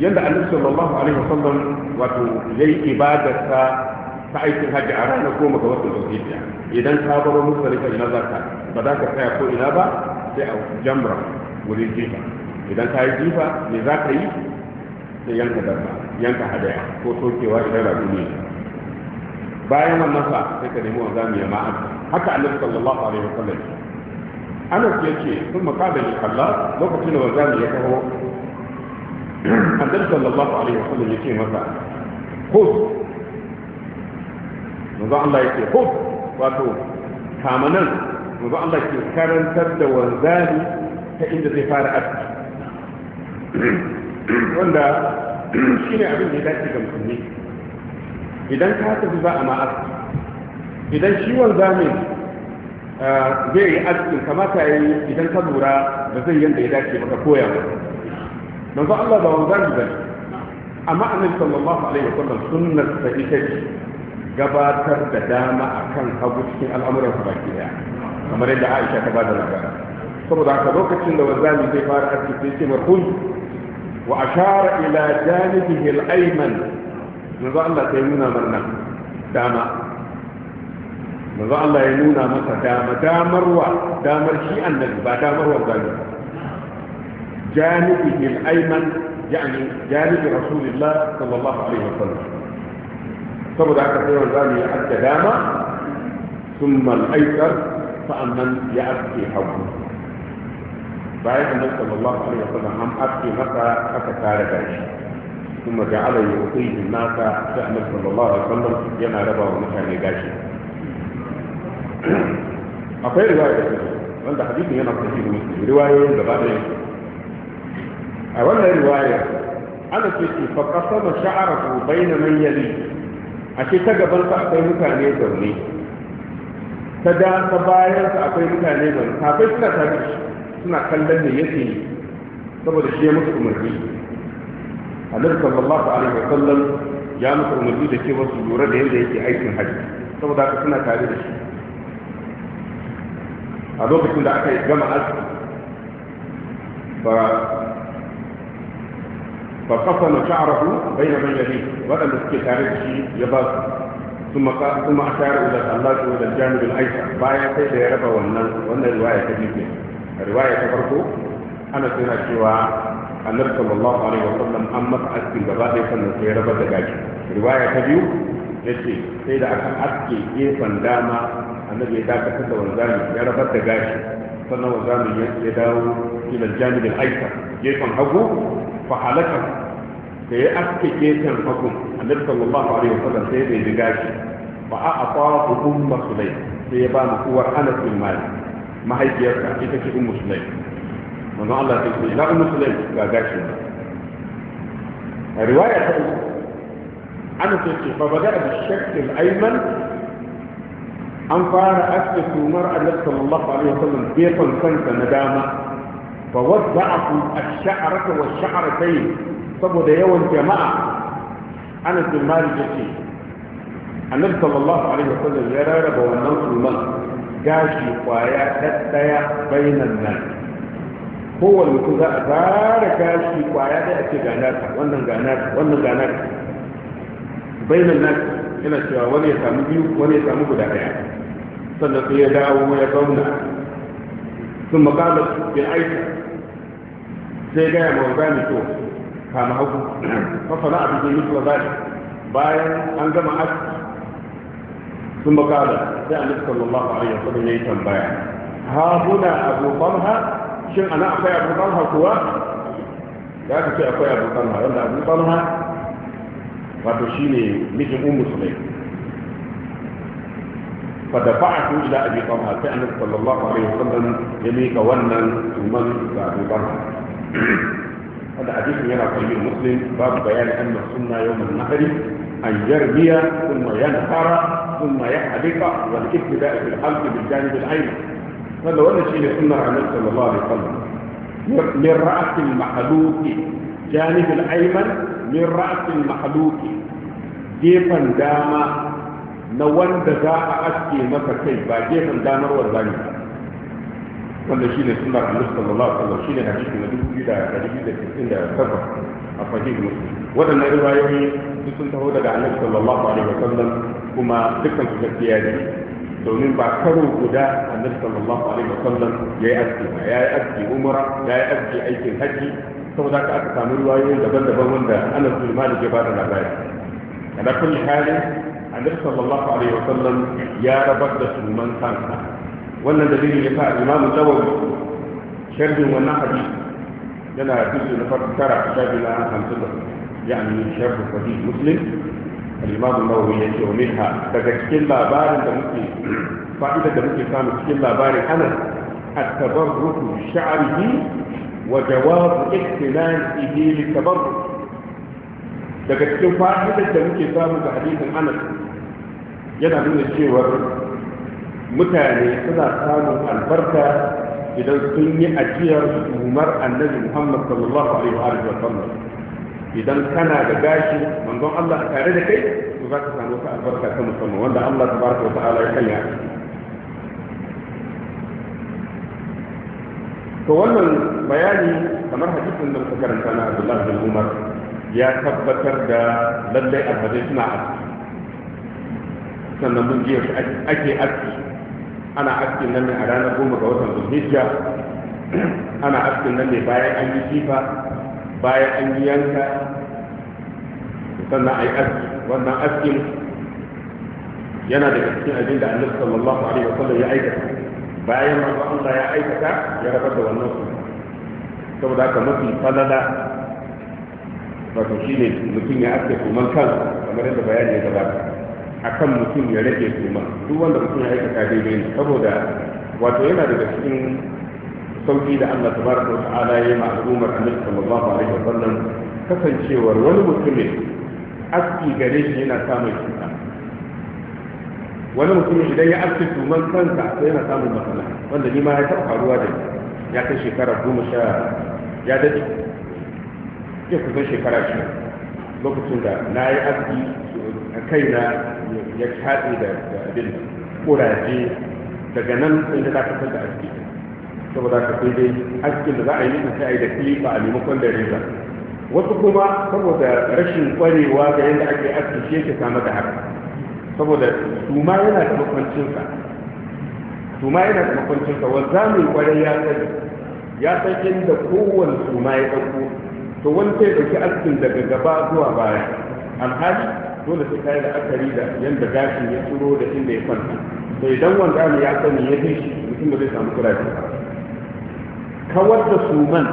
yadda annabi sallallahu alaihi wa sallam wato yayi ibadarsa ta aikin hajji a ranar goma ga watan zulhijja idan ka baro musdalifa ina za ka ba za ka tsaya ko ina ba sai a jamra wurin jifa idan ka yi jifa me za ka yi sai yanka dabba yanka hadaya ko tokewa idan rabu ne bayan wannan fa sai ka nemi wanda mu yama haka annabi sallallahu alaihi wa sallam. wasallam anas ce sun makaba ne kalla lokacin da wanda ya kawo annabi sallallahu alaihi wa sallam ya ce masa ko manzo Allah yake hud wato kamanan, nan manzo Allah ke karantar da wanzani ta inda zai fara aski wanda shine abin da ya dace ga musulmi idan ka tafi za a ma aski idan shi wanzamin zai yi aski, kamata ya yi idan ka lura da zai yanda ya dace maka koya ba manzo Allah ba wanzani ba amma annabi sallallahu alaihi wasallam sunnar sa ita ce gabatar da dama a kan hagu cikin al'amuran su baki daya kamar yadda Aisha ta bada labari saboda haka lokacin da wanzami zai fara aski sai ce marhum wa ashara ila janibihi al-ayman manzo Allah sai nuna mana dama manzo Allah ya nuna masa dama damarwa damar shi annabi ba damar wanzami janibihi al-ayman يعني جانب rasulillah sallallahu alaihi الله عليه فبدأ كثيرا ذلك حتى دام ثم الأيسر فأمن يأبكي حوله بعد أن صلى الله عليه وسلم هم أبكي متى أكثر ثم جعل يعطيه الناس شأن صلى الله عليه وسلم ينا ربا ومكان يقاشي أفعي رواية عند حديث هنا صحيح مسلم رواية لبعضين أولا رواية أنا سيدي فقسم شعره بين من يليه a ce ta gabansa akwai mutane zaune ta da ta bayansa akwai mutane zaune kafai suna tafi suna kallon da yake saboda shi ya musu umarni annabi sallallahu alaihi wa sallam ya musu umarni da cewa su lura da yadda yake aikin hajji saboda haka suna tare da shi a lokacin da aka gama aski ba fa fa kasana sha'rahu bayna man yalihi waɗanda suke tare da shi ya ba su kuma kuma a tare da Allah ko da jami'ul aisha bayan sai da ya raba wannan wannan riwaya ta biyu riwaya ta farko ana tana cewa annabi sallallahu alaihi wa sallam an masa askin gaba ɗaya sannan sai ya raba da gaji. riwaya ta biyu yace sai da aka aske gefen dama annabi ya dakatar da wanzami ya rabar da gaji sannan wanzami ya dawo ila jami'ul aisha gefen hagu fa halaka da ya aske gefen hagun annabi sallallahu alaihi wasallam sai bai riga shi fa a afa hukum masulai sai ya ba mu uwar anas bin malik mahaifiyarsa ita ce ummu sulaim manzo Allah sai ce ummu sulaim ga gashi riwaya ta anas ce fa bada bi shakl ayman an fara aske tumar annabi sallallahu alaihi wasallam gefen kansa na dama fa wada'ahu ash-sha'rata wash-sha'ratayn saboda yawan jama'a ana bin malik yake annabi sallallahu alaihi wasallam ya rarraba wannan sunan gashi kwaya daddaya bainan nan kowane mutum za a tara gashi kwaya da ake gana ta, wannan gana ta, wannan gana ta, bainan nan yana cewa wani ya samu biyu wani ya samu guda daya sannan sai ya dawo ya zauna sun makalar bin aiki. sai gaya ma wanda to ka na hagu fasana a cikin mutuwa zai bayan an gama aski sun makala sai annabi sallallahu alaihi wasallam yayi tambaya ha huna abu talha shin ana akwai abu talha kuwa ya ka ce akwai abu talha wanda abu talha wato shine mijin ummu sulaim فدفعته الى ابي طلحه كان صلى الله عليه وسلم يميك ونن ثم ابي طلحه هذا حديث يرى في مسلم باب بيان ان السنه يوم النحر ان يرمي ثم ينحر ثم يحلق والابتداء في الحلق بالجانب الايمن هذا ولا شيء سنه النبي صلى الله عليه وسلم من راس المحلوك جانب الايمن من راس المحلوك جيفا داما نوان دزاء اسكي a با جيفا دامر ba wanda shine sunnar annabi sallallahu alaihi wasallam shine hadisi na dubu da dari da cikin da saba a fahim muslim waɗannan riwayoyi su sun taho daga annabi sallallahu alaihi wasallam kuma dukkan su gaskiya ne domin ba karo guda annabi sallallahu alaihi wasallam yayi aski ba yayi aski umra yayi aski aikin haji saboda ka aka samu riwayoyi daban-daban wanda Anas bin Malik ya bada labari kada kulli hali annabi sallallahu alaihi wasallam ya rabar da sunan kansa wannan dalilin ya sa imamu nawawi sharhin wannan hadisi yana hadisi na farko tara shafi na hamsin da amini sharhu sahih muslim al-imam an-nawawi yace wa minha daga cikin labarin da muke fa'ida da muke samu cikin labarin anas at-tabarruk sha'rihi wa jawab ihtilalihi li Tabar, daga cikin fa'idar da muke samu da hadisin anas yana nuna cewar mutane suna samun albarka idan sun yi ajiyar umar annabi muhammad sallallahu alaihi wa sallam idan kana da gashi manzon Allah tare da kai to za ka samu ka albarka ta musamman wanda Allah tabaraka wa ta'ala ya kanya to wannan bayani kamar hadisin da muka karanta na Abdullah bin Umar ya tabbatar da lallai alhadai suna aski sannan mun ji ake aski ana askin nan ne a ranar goma ga watan zulhijja ana askin nan ne bayan an yi kifa bayan an yi yanka sannan a yi aski wannan askin yana daga cikin abin da annabi sallallahu alaihi wa sallam ya aikata bayan manzo Allah ya aikata ya rabar da wannan su saboda haka mafi falala wato shine mutum ya aske kuman kan kamar yadda bayani ya gabata akan mutum ya rage suma duk wanda mutum ya aikata daidai ne saboda wato yana daga cikin sauki da Allah tabaraka wa ta'ala ya yi ma al'ummar Annabi sallallahu alaihi wa sallam kasancewar wani mutumin aski gare shi yana samun cuta wani mutum idan ya aski tuman kansa sai yana samun matsala wanda ni ma ya taɓa faruwa da ya kai shekara goma sha ya daɗe ya kusan shekara shi lokacin da na yi aski kaina ya kaɗe da abin kuraje daga nan sai da ka san da aski saboda ka sai dai askin da za a yi nufin sai a yi da kilifa a maimakon da reza wasu kuma saboda rashin ƙwarewa ga yadda ake aski shi yake samar da haka saboda su ma yana da makwancinsa su ma yana da makwancinsa wanda mai kwarai ya sani ya san inda kowane ma ya ɗauko to wani sai ɗauki askin daga gaba zuwa baya alhali dole sai kai da akari da yanda gashin ya turo da inda ya kwanta to idan wanda ne ya sani ya bi shi mutum da zai samu kurafi kawar da suman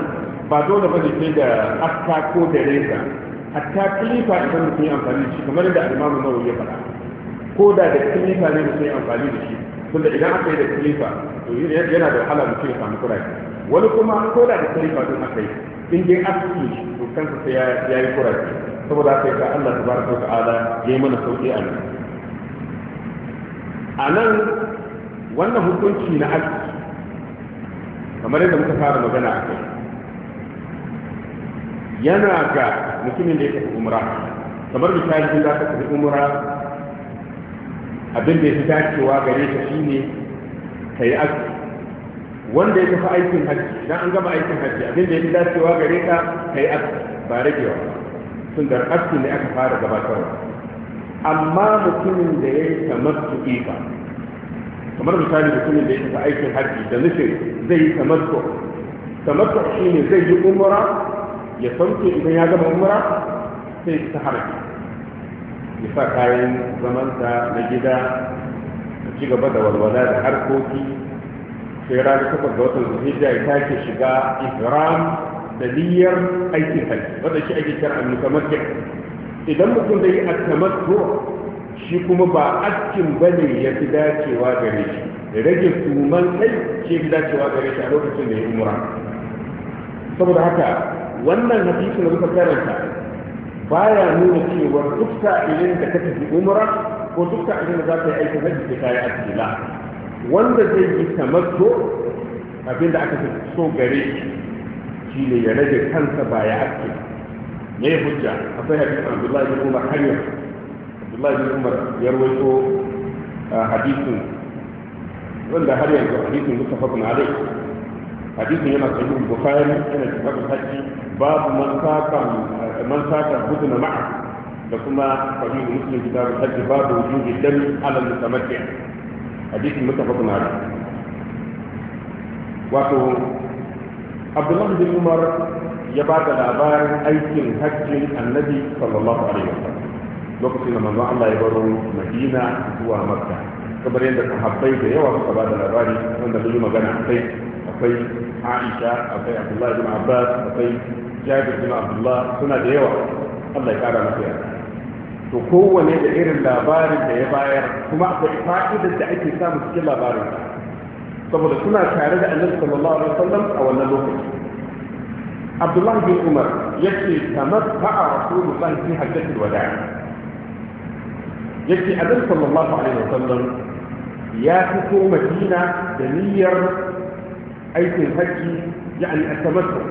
ba dole ba ne da aska ko da reza hatta kilifa idan mutum ya amfani da shi kamar yadda imamu nawawi ya faɗa ko da da kilifa ne mutum ya amfani da shi tunda idan aka yi da kilifa to yana da wahala mutum ya samu kurafi wani kuma ko da da kilifa din aka yi in dai aski to kansa sai ya yi kurafi saboda haka yasa Allah baraka wa ta'ala yi mana sauƙi a nan a nan wannan hukunci na haƙƙi kamar yadda muka fara magana a kai yana ga mutumin da ya tafi umra kamar misali za ka tafi umra abin da ya fi dacewa gare ka shine ka yi aiki. wanda ya tafi aikin hajji idan an gama aikin hajji abin da ya fi dacewa gare ka ka yi aiki, ba ragewa ba tun da ƙarfi ne aka fara gabatarwa amma mutumin da ya yi kamar tuƙi ba kamar misali mutumin da ya tafi aikin hajji da nufin zai yi kamar to kamar to shi ne zai yi umara ya sauke idan ya gama umara sai ta harbi ya sa kayan zamanta na gida da ci gaba da walwala da harkoki sai ranar takwas ga watan zuhijja ya take shiga ihram da niyyar aikin hajji wanda shi ake kira al-mutamattu idan mutum zai yi al-tamattu shi kuma ba askin bane ya fi dacewa gare shi rage tuman kai shi fi dacewa gare shi a lokacin da ya umra saboda haka wannan hadisin da muka karanta baya nuna cewa duk sa'ilin da ka tafi umra ko duk sa'ilin da za ka yi aikin hajji sai ka yi aski wanda zai yi tamattu abinda aka fi so gare shi shi ne ya rage kansa ba ya aske me hujja akwai hadisin abdullahi bin umar abdullahi bin umar ya rawaito ah, hadisin wanda har yanzu hadisin alai hadisin yana bukhari yana hajji babu man saka man saka ma'a da kuma muslim hajji babu wujudi hadisin alai wato abdullah bin umar ya ba da labarin aikin hajjin annabi sallallahu alaihi wasallam lokacin da manzon Allah ya baro Madina zuwa Makka kamar yadda sahabbai da yawa suka ba da labari wanda mun magana akai akwai Aisha akwai Abdullah bin Abbas akwai Jabir bin Abdullah suna da yawa Allah ya kara masa yarda to kowane da irin labarin da ya bayar kuma akwai fa'idar da ake samu cikin labarin saboda suna tare da annabi sallallahu alaihi wasallam a wannan lokaci abdullahi bin umar ya yace tamatta'a rasulullahi fi hajjatil wada' yace annabi sallallahu alaihi wasallam ya fito madina da niyyar aikin hajji yani at-tamattu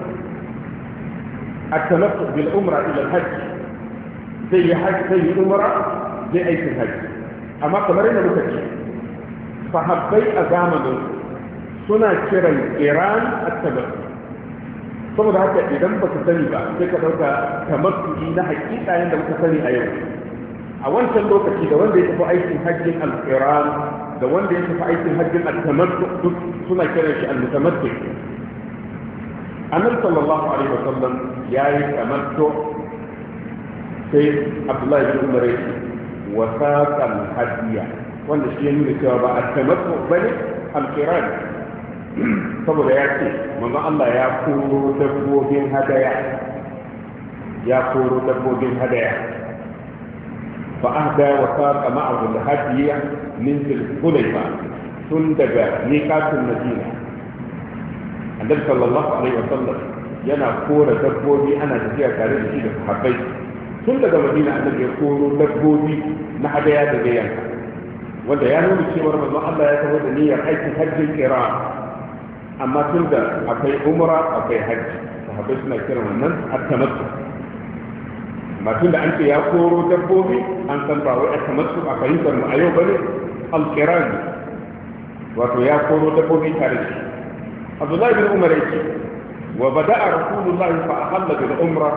at-tamattu bil umra ila al-hajj sai ya hajji sai yi umra zai aikin hajji amma kamar yadda muka ce habbai a zamanin suna kiran iran at-tabattu saboda haka idan ba ka sani ba sai ka dauka tamattu'i na hakika yadda muka sani a yau a wancan lokaci da wanda ya tafi aikin hajjin al-iran da wanda ya tafi aikin hajjin al-tamattu duk suna kiran shi al-mutamattu annabi sallallahu alaihi wasallam yayi tamattu sai abdullahi bin umar yake wasaqan hadiya wanda shi ya nuna cewa ba al-tamattu bane al-iran saboda ya ce manzo Allah ya koro dabbobin hadaya ya koro dabbobin hadaya fa ahda wa saqa ma'ahu al-hadiya min al-hulayfa tun daga miqatul madina annabi sallallahu alaihi wa sallam yana kora dabbobi ana tafiya tare da shi da sahabbai tun daga madina annabi ya koro dabbobi na hadaya daga yanka wanda ya nuna cewa manzo Allah ya taho da niyyar aikin hajjin kira amma tun da akwai umra akwai hajji sahabbai suna kiran wannan at-tamattu amma tun da an ce ya koro dabbobi an san ba wai at-tamattu a fahimtar mu a yau bane al-qiran wato ya koro dabbobi tare da Abdullahi bin Umar yake wa bada'a Rasulullahi fa ahalla bil umra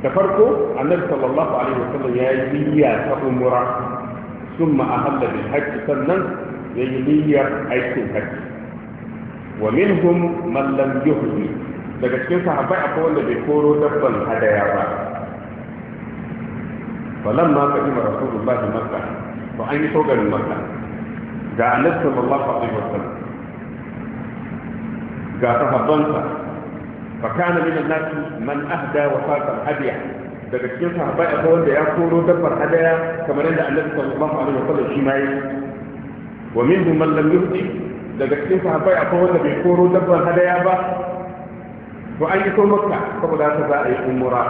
da farko annabi sallallahu alaihi wasallam ya yi niyya ta umra summa ahalla bil hajji sannan ya yi niyyar aikin hajji wa minhum man lam yuhdi daga cikin sahabbai akwai wanda bai koro dabban hadaya ba ma falamma qadima rasulullahi makka to an yi togarin makka ga annabi sallallahu alaihi wasallam ga sahabbansa fa kana min an-nas man ahda wa faqa hadiya daga cikin sahabbai akwai wanda ya koro dabban hadaya kamar yadda annabi sallallahu alaihi wasallam shi ma yi wa minhum man lam yuhdi daga cikin sahabbai akwai wanda bai koro dabban hadaya ba to an yi so makka saboda haka za a yi umura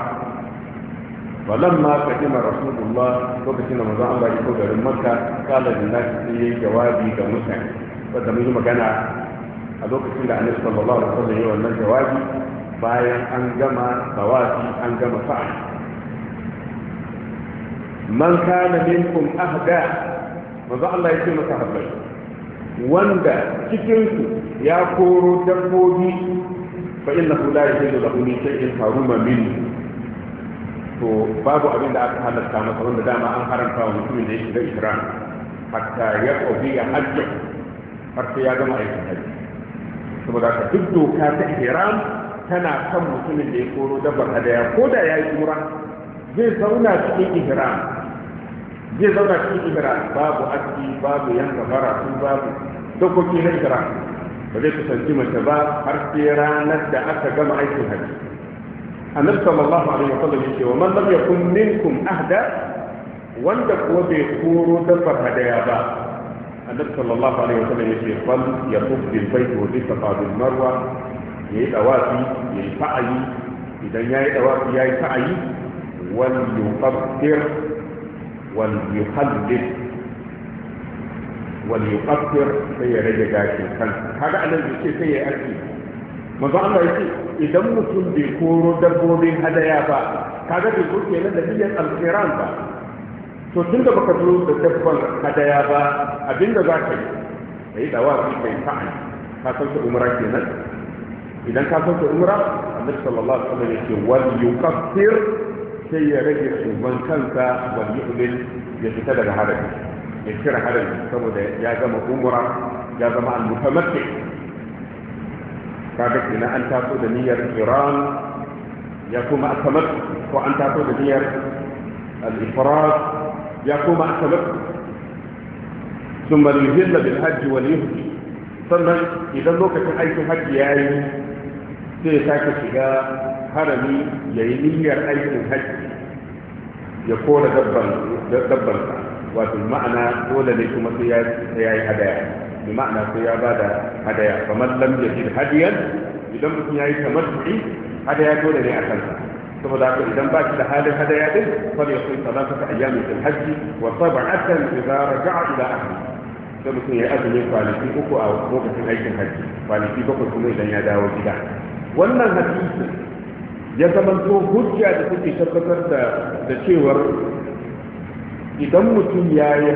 rasulullah lokacin da manzon Allah ya ما garin makka kala da مكه sai yayi jawabi ga mutane wanda mun yi magana a lokacin da annabi sallallahu alaihi wasallam ya wannan jawabi bayan an gama tawafi an gama sa'a man kana minkum ahda manzo Allah ya ce masa habbai wanda cikinsu ya koro dabbobi fa inna hu la yahillu lahu min shay'in haruma min to babu abin da aka halatta masa da dama an haramta wa mutumin da ya shiga ihram hatta ya qadi ya hajji har sai ya gama aikin hajji saboda ka duk doka ta ihram tana kan mutumin da ya koro dabbar hadaya ko da ya yi umra zai zauna cikin ihram zai zauna cikin ibra babu aski babu yanka bara babu dokoki na ibra ba zai kusanci mace ba har sai ranar da aka gama aikin hajji annabi sallallahu alaihi wa sallam yace wa man lam yakun minkum ahda wanda kuwa bai koro dabbar hadaya ba annabi sallallahu alaihi wa sallam yace fal yaqub bil bayt wa yatafa bil marwa yayi dawafi yayi fa'ayi idan yayi dawafi yayi fa'ayi wal yuqaddar وليقلد وليقصر sai ya rage gashin kansa kaga anan ce sai ya aski manzo Allah yake idan mutum bai koro dabbobin hadaya ba kaga bai ko kenan da niyyar alqiran ba to tunda baka zo da dabban hadaya ba abinda za ka yi kai dawa kai kai fa'a ka san ta kenan idan ka san sallallahu alaihi wal sai ya rage tsuban kansa wal yu'min ya fita daga harami ya cire harami saboda ya gama umra ya zama al-mutamatti kaga kina an taso da niyyar iran ya kuma atamat ko an taso da niyyar al-ifrad ya kuma atamat ثم اليهل بالحج واليهدي sannan idan lokacin aikin hajji ya yi sai ya sake shiga harami ya yi niyyar aikin hajji ya kora dabban sa wato ma'ana dole ne kuma sai ya yi hadaya bi ma'ana sai ya bada hadaya kamar lam yajid hadiyan idan mutum ya yi tamattu'i hadaya dole ne a kansa saboda haka idan ba shi da halin hadaya din fal yaqul salatata ayyamin fil hajj wa sab'atan idza raja'a ila ahli sai mutum ya azumi kwanaki uku a lokacin aikin hajji kwanaki bakwai kuma idan ya dawo gida wannan hadisi ya zama to hujja da suke tabbatar da cewar idan mutum ya yi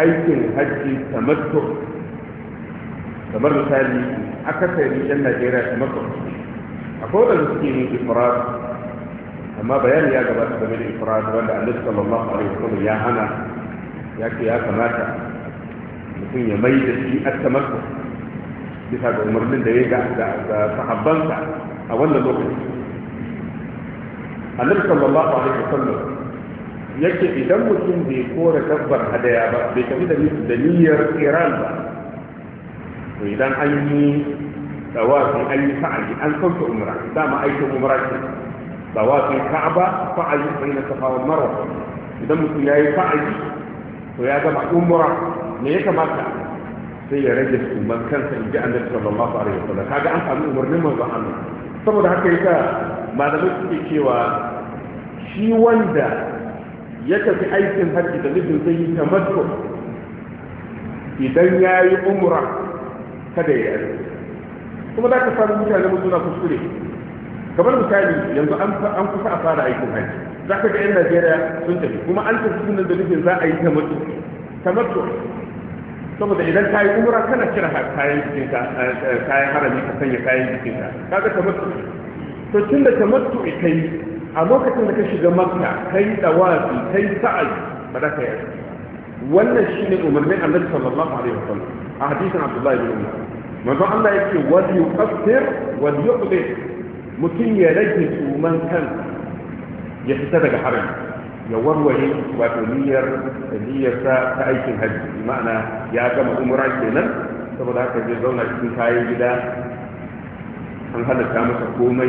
aikin hajji tamattu kamar misali akasari yan najeriya tamattu akwai wadanda suke yin ifrat amma bayani ya gabata game da ifrat wanda annabi sallallahu alaihi wasallam ya hana ya ce ya kamata mutum ya mai da shi at-tamattu bisa ga umarnin da ya ga sahabbansa a wannan lokacin annabi sallallahu alaihi wasallam yake idan mutum bai kora dabbar hadaya ba bai tafi da niyyar iran ba to idan an yi tawafin an yi fa'ali an sauke umra dama aikin umra ce tawafin ka'aba fa'ali bai na safa wa marwa idan mutum ya yi fa'ali to ya gama umra me ya kamata sai ya rage suman kansa in ji annabi sallallahu alaihi wasallam kaga an samu umarnin manzon Allah saboda haka yasa malamai suke cewa shi wanda ya tafi aikin hajji da nufin zai yi tamattu idan ya yi umra kada ya yi kuma za ka samu mutane mu na kuskure kamar misali yanzu an kusa a fara aikin hajji za ka ga 'yan najeriya sun tafi kuma an tafi sunan da nufin za a yi tamattu tamattu saboda idan ka yi umra kana cire kayan jikinka eh, eh, kayan harami ka sanya kayan jikinka kaga tamattu to tun da tamattu'i kai a lokacin da ka shiga makka kai tawafi kai sa'ai ba za ka yi aski wannan shine umarnin annabi sallallahu alaihi wasallam a hadisin abdullahi ibn umar manzo Allah yake wal yuqassir wal yuqdi mutum ya rage tsuman kansa ya fita daga haram ya warware wato niyyar niyyarsa ta aikin hajji ma'ana ya gama umra kenan saboda haka zai zauna cikin kayan gida an halatta masa komai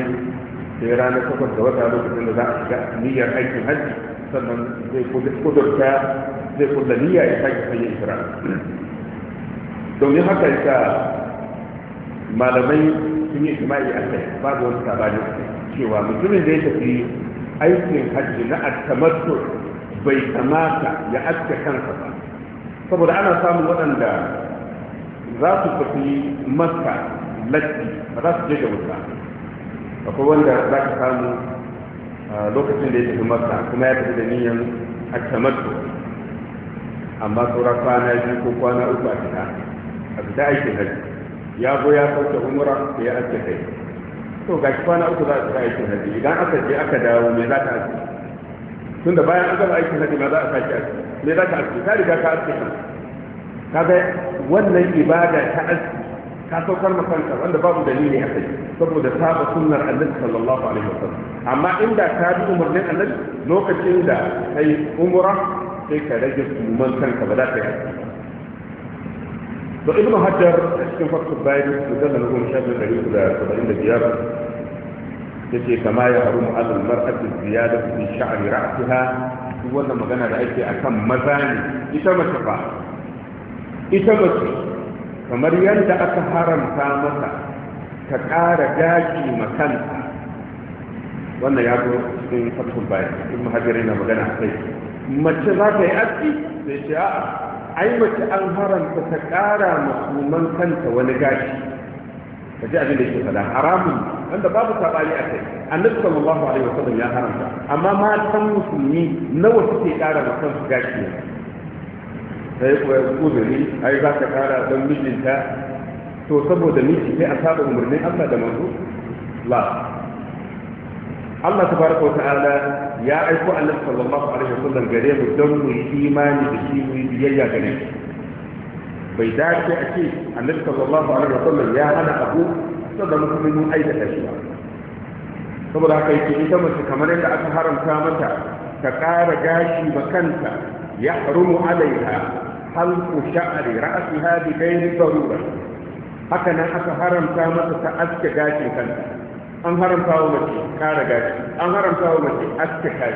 sai ranar takwas da wata lokacin da za a shiga niyyar aikin hajji sannan zai kudurta zai kudurta niyya ya sake hanyar isra domin haka yasa malamai sun yi jima'i a kai babu wani sabani cewa mutumin da ya tafi aikin hajji na attamattu bai kamata ya aske kansa ba saboda ana samun waɗanda za su tafi maka latti ba za su je da wuta akwai wanda za ka samu lokacin da ya tafi masa kuma ya tafi da niyan a tamattu amma saura kwana biyu ko kwana uku a fita a fita aikin hajji ya zo ya sauke umura ko ya aske kai to ga shi kwana uku za a fita aikin hajji idan aka je aka dawo me za ka aske tun da bayan aka gama aikin hajji ma za a sake aske me za ka aske ka riga ka aske kan kaga wannan ibada ta aske ka saukar da kanka wanda babu dalili a kai saboda ta ba sunnar annabi sallallahu alaihi wasallam amma inda ka bi umarnin annabi lokacin da kai umra sai ka rage suman kanka ba za ka yi to ibnu hajar a cikin fatul bayan mujallal goma sha biyu ɗari uku da saba'in da biyar yace kama ya harumu alal mar'ati ziyada fi sha'ri ra'siha duk wannan magana da ake akan maza ne ita mace fa ita mace kamar yadda aka haramta masa ka ƙara gashi makanta wannan ya zo cikin fatul bayan cikin mahajirai na magana a mace za ta yi aski sai ce a'a ai mace an haramta ta ƙara masuman kanta wani gashi ka ji abin da yake faɗa haramun wanda babu sabani a kai annabi sallallahu alaihi wasallam ya haramta amma matan musulmi nawa suke ƙara ma kansu gashi ne sai da ni, ai za ka kara don mijinta to saboda miji sai a saba umarnin Allah da manzo la Allah tabaraka wa ta'ala ya aiko Annabi sallallahu alaihi wasallam gare mu don mu yi imani da shi mu yi biyayya gare shi bai dace a ce Annabi sallallahu alaihi wasallam ya hana abu sannan kuma mun aikata shi ba saboda haka yake ita mace kamar yadda aka haramta mata ta ƙara gashi ba kanta ya harumu alaiha halku sha'ari ra'asiha bi ghairi darura haka nan aka haramta masa ta aske gashin kanta an haramta wa mace kare gashi an haramta wa mace aske kai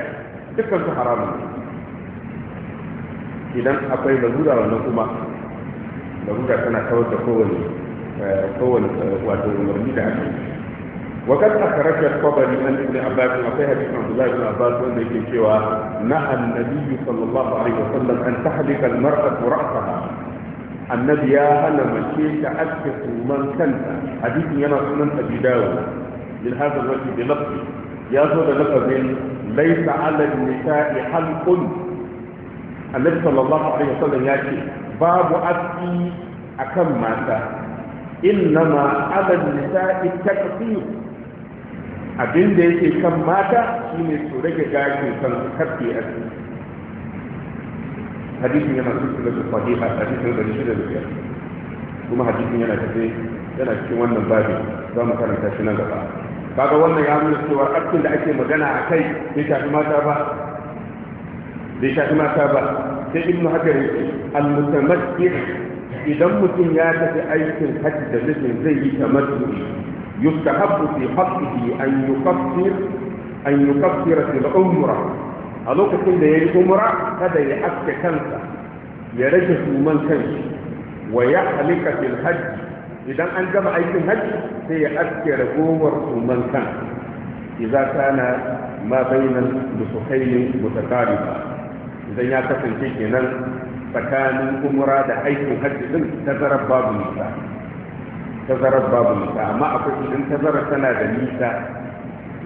dukkan su haramun idan akwai lalura wannan kuma lalura tana kawar da kowane eh, kowane eh, wato umarni da aka وقد أخرج الطبري عن ابن عباس وفيها حديث عبد الله بن عباس وأن يكتوى نهى النبي صلى الله عليه وسلم أن تحلق المرأة رأسها النبي يا من مشيت أكف من كان حديث ينا سنن أبي داود هذا الوجه بلفظه يا زود لفظ ليس على النساء حلق النبي صلى الله عليه وسلم يأتي باب أبكي أكم ماتا إنما على النساء التكفير abin da yake kan mata ne su rage gashin kan karfe a cikin hadisin yana cikin da a hadisin da shi da biyar kuma hadisin yana cikin yana cikin wannan babi za mu karanta shi nan gaba kaga wannan ya nuna cewa abin da ake magana a kai bai shafi mata ba bai shafi mata ba sai ibnu hajar yake al-mutamakkin idan mutum ya tafi aikin hajji da nufin zai yi tamattu يستحب في حقه أن يكفر أن يكفر في العمره ألوك كل يلي أمرة هذا يحك كنسة يرجف من كنش ويحلك في الهج إذا أنجب أي هج سيأكل أمرة من كان إذا كان ما بين النصحين متقاربا إذا يعتقد في كنان فكان أمرة حيث هج تزرب باب المسلمين tazarar babu nisa amma akwai idan tazarar tana da nisa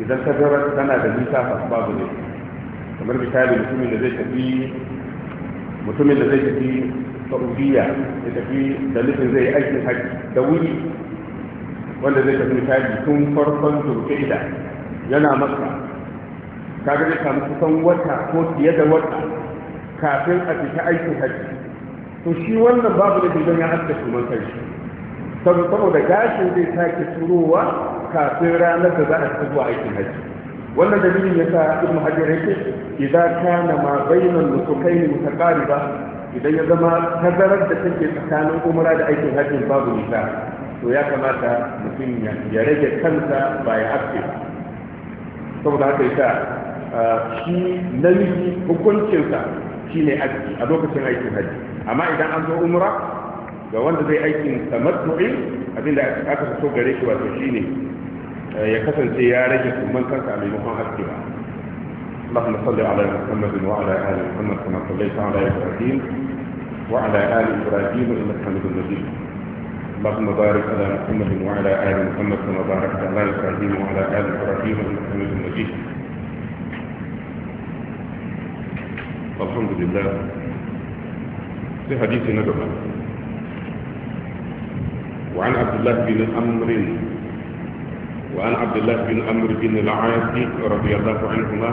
idan tazarar tana da nisa fa babu ne kamar misali mutumin da zai tafi mutumin da zai tafi saudiya ya tafi da nufin zai aikin haji da wuri wanda zai tafi misali tun farkon zulkaida yana maka kaga zai samu kusan wata ko fiye da wata kafin a fita aikin haji to shi wannan babu da don ya haska sunan kai saboda gashin zai sake turowa kafin ranar da za a ci zuwa aikin haji wannan dalilin ya sa ibn hajar yake idan kana ma bainan nusukaini mutaqariba idan ya zama tazarar da take tsakanin umra da aikin hajji babu nisa to ya kamata mutum ya rage kansa ba ya haske saboda haka yasa shi namiji hukuncinsa shine aski a lokacin aikin hajji amma idan an zo umra ga wanda zai aikin tamattu'i abinda aka so gare shi wato shine eh, ya kasance ya rage kuma kanka a maimakon haskewa اللهم صل على محمد وعلى ال محمد كما صليت على ابراهيم وعلى ال ابراهيم انك حميد مجيد اللهم بارك على محمد وعلى ال محمد كما باركت على ابراهيم وعلى ال ابراهيم انك حميد مجيد الحمد لله في حديث ندعو وعن عبد الله بن عمرو وعن عبد الله بن عمرو بن العاص رضي الله عنهما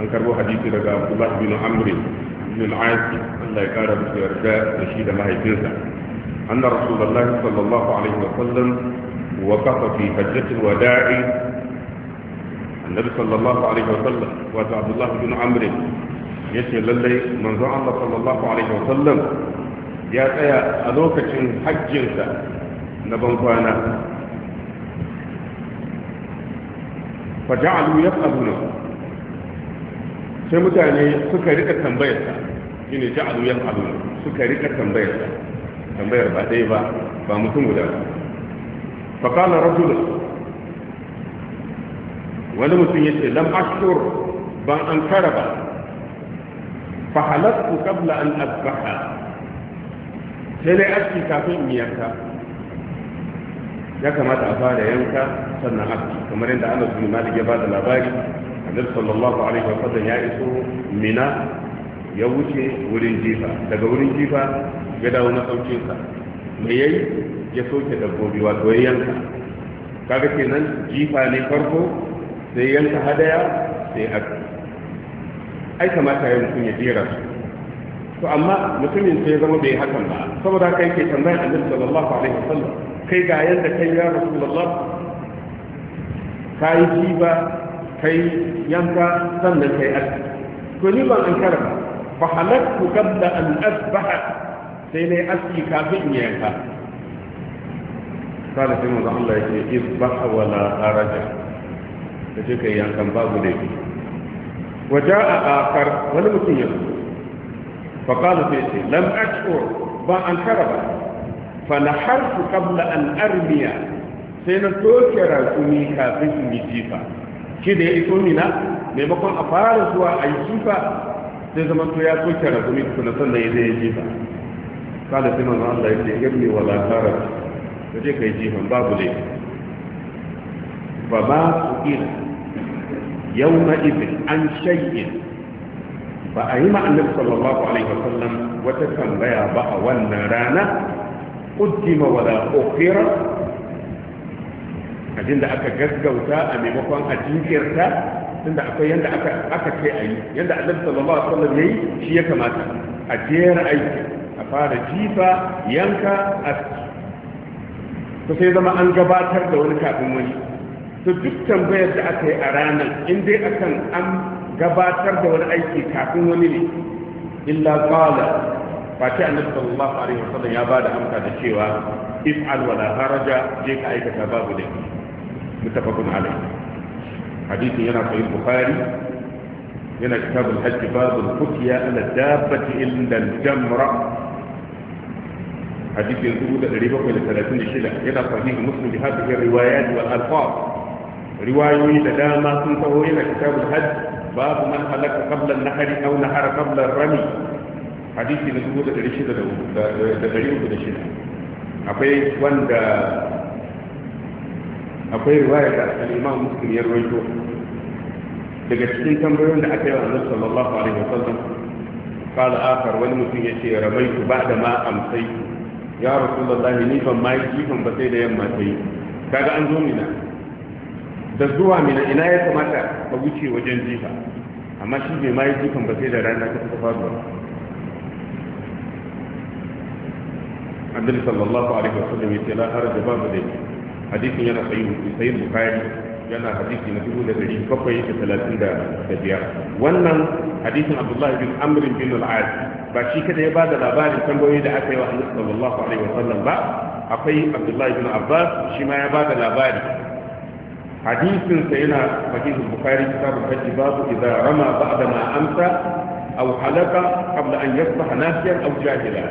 أنكروا حديث رجاء عبد الله بن عمرو بن العاص الله يكاد في رجاء نشيد ما يجنزه أن رسول الله صلى الله عليه وسلم وقف في حجة الوداع النبي صلى الله عليه وسلم وعبد الله بن عمرو يشهد لله من الله صلى الله عليه وسلم ya tsaya a lokacin hajjinsa na bankwana faja'alu ya tsabuna sai mutane suka rika tambayarsa shi ne ja'alu ya tsabuna suka rika tambayarsa tambayar ba ɗaya ba ba mutum guda ba faƙala rajulun wani mutum ya ce lam ashur ban an kara ba fahalattu kabla an asbaha sai dai aski kafin in yanka ya kamata a fara yanka sannan aski kamar yadda Anas bin Malik ya bada labari Annabi sallallahu alaihi wa sallam ya iso Mina ya wuce wurin jifa daga wurin jifa ya dawo na saukinsa me yayi ya soke dabbobi wato ya yanka kaga kenan jifa ne farko sai yanka hadaya sai aski ai kamata ya mutum ya jera su to amma mutumin sai zama bai hakan ba saboda kai ke tambayar annabi sallallahu alaihi wasallam kai ga yanda kai ya rasulullah kai jiba kai yanka sannan kai aski to ni ban an kara ba fa halaktu qabla an asbaha sai ne aski kafin yanka kada sai manzo Allah ya ce isbaha wala haraja kace kai yankan babu dai. laifi waja'a akar wani mutum ya zo فقال سيدي لم أشعر بأن حرب فنحرت قبل أن أرمي سينتوك maimakon a fara zuwa a yi jifa sai zama to ya soke rakumi tukuna sannan ya zai ya jifa kada sai manzo Allah ya ce irmi wala tara ka je kai jifan babu ne ba ba su ila na idin an shayyin ba a yi ma annabi sallallahu alaihi wasallam wata tambaya ba a wannan rana uddima wala ukhira da aka gaggauta a maimakon a jinkirta da akwai yadda aka aka ce a yi yadda annabi sallallahu alaihi wasallam yi shi ya kamata a jera aiki a fara jifa yanka aski to sai zama an gabatar da wani kafin wani to duk tambayar da aka yi a ranar in dai akan an gabatar da wani aiki kafin wani ne illa qala fa ta annabi sallallahu alaihi wasallam ya bada amsa da cewa if'al wala haraja je ka aikata babu da mutafakun alaihi hadisi yana sahih bukhari yana kitab al hajj bab al-fukya ala dabbati illa al-jamra حديث يزود قريبا من 36 شلة يلا صحيح مسلم بهذه الروايات والألفاظ رواية تدامى سنته إلى كتاب الحج babu man halaka qabla an-nahri aw nahara qabla ar-rami hadisi dubu da dari shida da dari uku da shida akwai wanda akwai riwaya da al-imam muslim ya rawaito daga cikin tambayoyin da aka yi wa annabi sallallahu alaihi wasallam قال آخر والمسيح يشي رميت بعد ما أمسيت يا رسول الله نيفا ما يجيفا بسيدة يما سيد كاغا أنزومنا da zuwa mina ina ya kamata a wuce wajen jifa amma shi bai ma yi jifan ba sai da rana ta fita faruwa annabi sallallahu alaihi wa wasallam yace la haraj babu dai hadisin yana sahih sahih bukhari yana hadisi na dubu da dari bakwai da talatin da biyar wannan hadisin abdullahi bin amr bin al-as ba shi kada ya bada labarin tambayoyi da aka yi wa annabi sallallahu alaihi sallam ba akwai abdullahi bin abbas shi ma ya bada labari حديث سيدنا حديث البخاري كتاب الحج باب اذا رمى بعد ما امسى او حلق قبل ان يصبح ناسيا او جاهلا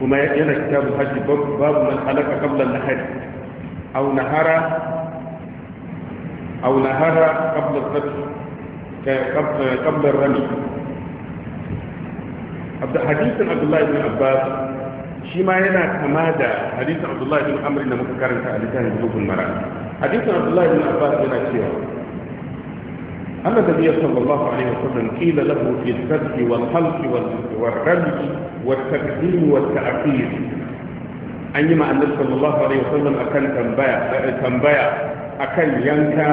كما يقول كتاب الحج باب من حلق قبل النحر او نهر او نهر قبل قبل الرمي حديث عبد الله بن عباس شيما ينا كما حديث عبد الله بن عمرو انه متكرر في الكتاب المراه. hadisin abdullahi bin abbas yana cewa أن النبي صلى الله عليه وسلم قيل له في السبت والخلق والرمي an yi ma'anar sallallahu alaihi wasallam akan tambaya tambaya akan yanka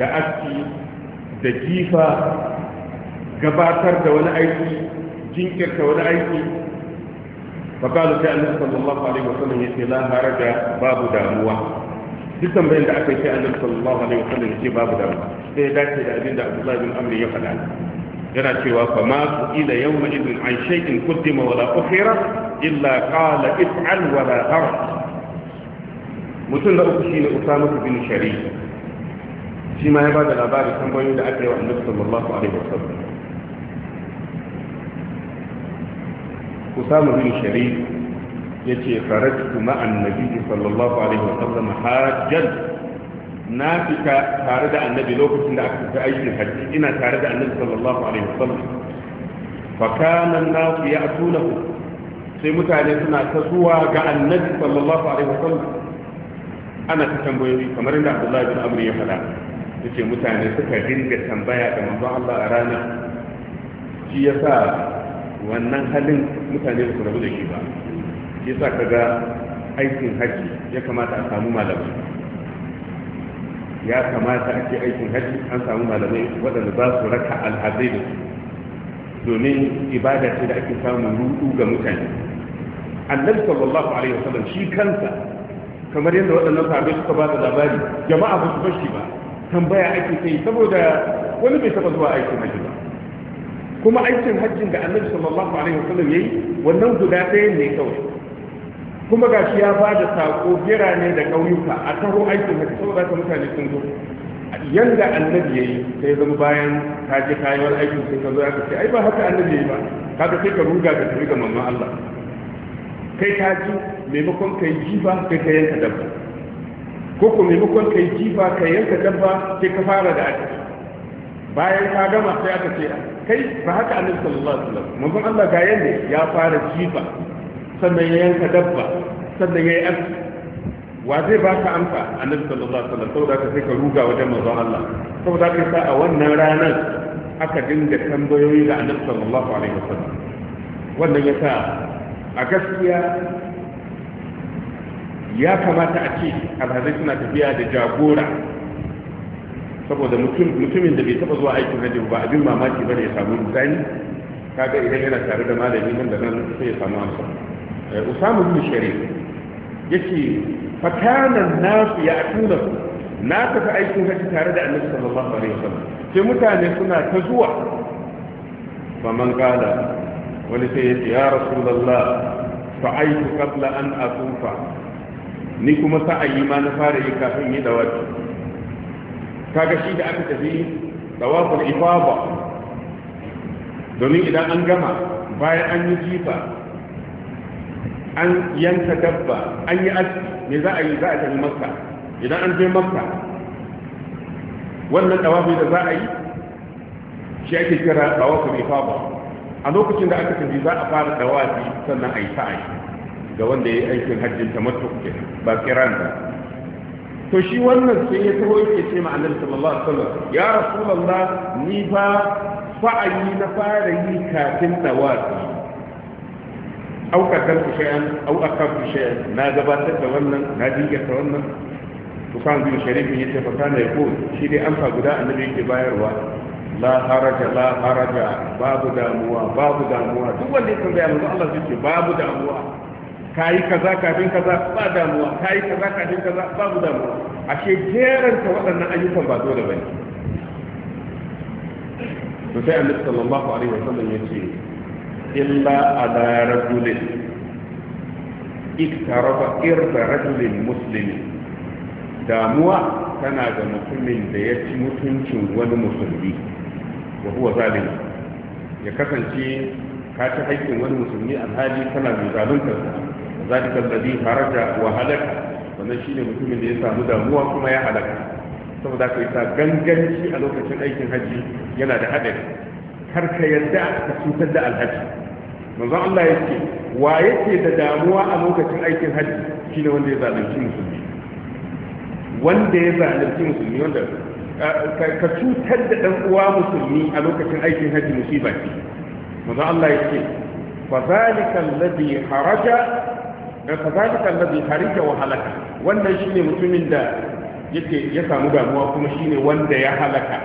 da aski da jifa gabatar da wani aiki jinkirta wani aiki فقالوا في النبي صلى الله عليه وسلم يتي لا هرج باب داموة duk tambayar da aka yi sai annabi sallallahu alaihi wasallam ya ce babu damuwa. sai ya dace da abin da Abdullahi bin Amr ya faɗa yana cewa fa ma ila yawma idin an shay'in qaddima wa la ukhira illa qala if'al wa la har mutum da uku shine Usama bin Shari shi ma ya ba da labari tambayoyin da aka yi wa annabi sallallahu alaihi wasallam Ku usama bin sharif yace kharajtu ma'an nabi sallallahu alaihi wasallam hajjan na fita tare da annabi lokacin da aka fita aikin hajji ina tare da annabi sallallahu alaihi wasallam fa kana an-nas ya'tunahu sai mutane suna ta zuwa ga annabi sallallahu alaihi wasallam ana ta tambayoyi kamar inda Abdullahi bin Amr ya faɗa yace mutane suka dinga tambaya ga manzon Allah a ranar shi yasa wannan halin mutane su rabu da shi ba shi sa kaga aikin haji ya kamata a samu malamai ya kamata a ce aikin haji an samu malamai waɗanda za su raka alhazai da su domin ibada ce da ake samun rudu ga mutane annabi sallallahu alaihi wasallam shi kansa kamar yadda waɗannan sahabbai suka ba da labari jama'a ba su bashi ba tambaya ake kai saboda wani bai taɓa zuwa aikin haji ba kuma aikin hajjin da annabi sallallahu alaihi wasallam yayi wannan guda ɗaya ne kawai kuma shi ya ba da sako birane da ƙauyuka a taho aikin hajji saboda ka mutane sun zo yanda annabi yayi sai zama bayan ka je kayuwar aikin sai ka zo ka ce ai ba haka annabi yayi ba ga sai ka ruga ka tafi ga manzon Allah kai ka ji maimakon ka yi jifa kai ka yanka dabba ko ko maimakon ka yi jifa ka yanka dabba sai ka fara da bayan ka gama sai aka ce kai ba haka annabi sallallahu alaihi wasallam mun Allah ga yanda ya fara jifa sannan ya yanka dabba sannan yayi aski wa zai ba ka amsa annabi sallallahu alaihi wasallam saboda ka sai ka ruga wajen manzon Allah saboda ka sa a wannan ranar aka dinga tambayoyi ga annabi sallallahu alaihi wasallam wannan ya sa a gaskiya ya kamata a ce alhazai suna tafiya da jagora saboda mutumin da bai taba zuwa aikin hajji ba abin mamaki ba ne ya samu rudani kaga idan yana tare da malami nan da nan sai ya samu amsa eh, usama bin sharif yace fatanan nasu ya atuna na tafi aikin hajji tare da annabi sallallahu alaihi wasallam sai mutane suna ta zuwa faman kala wani sai yace ya rasulullah fa'aitu qabla an atufa ni kuma sa'ayi ma na fara yi kafin yi dawaki kaga shi da aka tafi tawaful ifaba, domin idan an gama bayan an yi jifa an yanka dabba an yi aski me za a yi za a tafi makka idan an je makka wannan tawafi da za a yi shi ake kira tawaful ifaba. a lokacin da aka tafi za a fara tawafi sannan a yi sa'i ga wanda ya yi aikin hajjin tamattu kenan ba kiran ba to shi wannan sai ya taho yake ce ma annabi sallallahu alaihi wasallam ya rasulullah ni fa fa'ayi na fara yi kafin tawafi au kaddar ku shay'an au akab shay'an na gabatar da wannan na jinkirta wannan to kan bin sharifin yace fa kana yako shi dai amsa guda annabi yake bayarwa la haraja la haraja babu damuwa babu damuwa duk wanda ya tambaya manzo Allah zai ce babu damuwa kayi kaza kafin kaza ba damuwa kayi kaza kafin kaza babu damuwa ashe ta waɗannan ayyukan ba dole bane to sai annabi sallallahu alaihi wasallam ya ce illa ala rajul iktarafa irda rajul muslim damuwa tana ga mutumin da ya ci mutuncin wani musulmi wa huwa zalim ya kasance ka ci haƙƙin wani musulmi alhali kana mai zaluntar zalika alladhi haraja wa halaka wannan shine mutumin da ya samu damuwa kuma ya halaka saboda ka yasa ganganci a lokacin aikin hajji yana da hadari kar ka yadda ka cutar da alhaji manzon Allah yake wa yake da damuwa a lokacin aikin haji shine wanda ya zalunci musulmi wanda ya zalunci musulmi wanda ka cutar da dan uwa musulmi a lokacin aikin haji musiba ce manzon Allah yake fa zalika alladhi haraja da fazalika allazi harika wa halaka wannan ne mutumin da yake ya samu damuwa kuma ne wanda ya halaka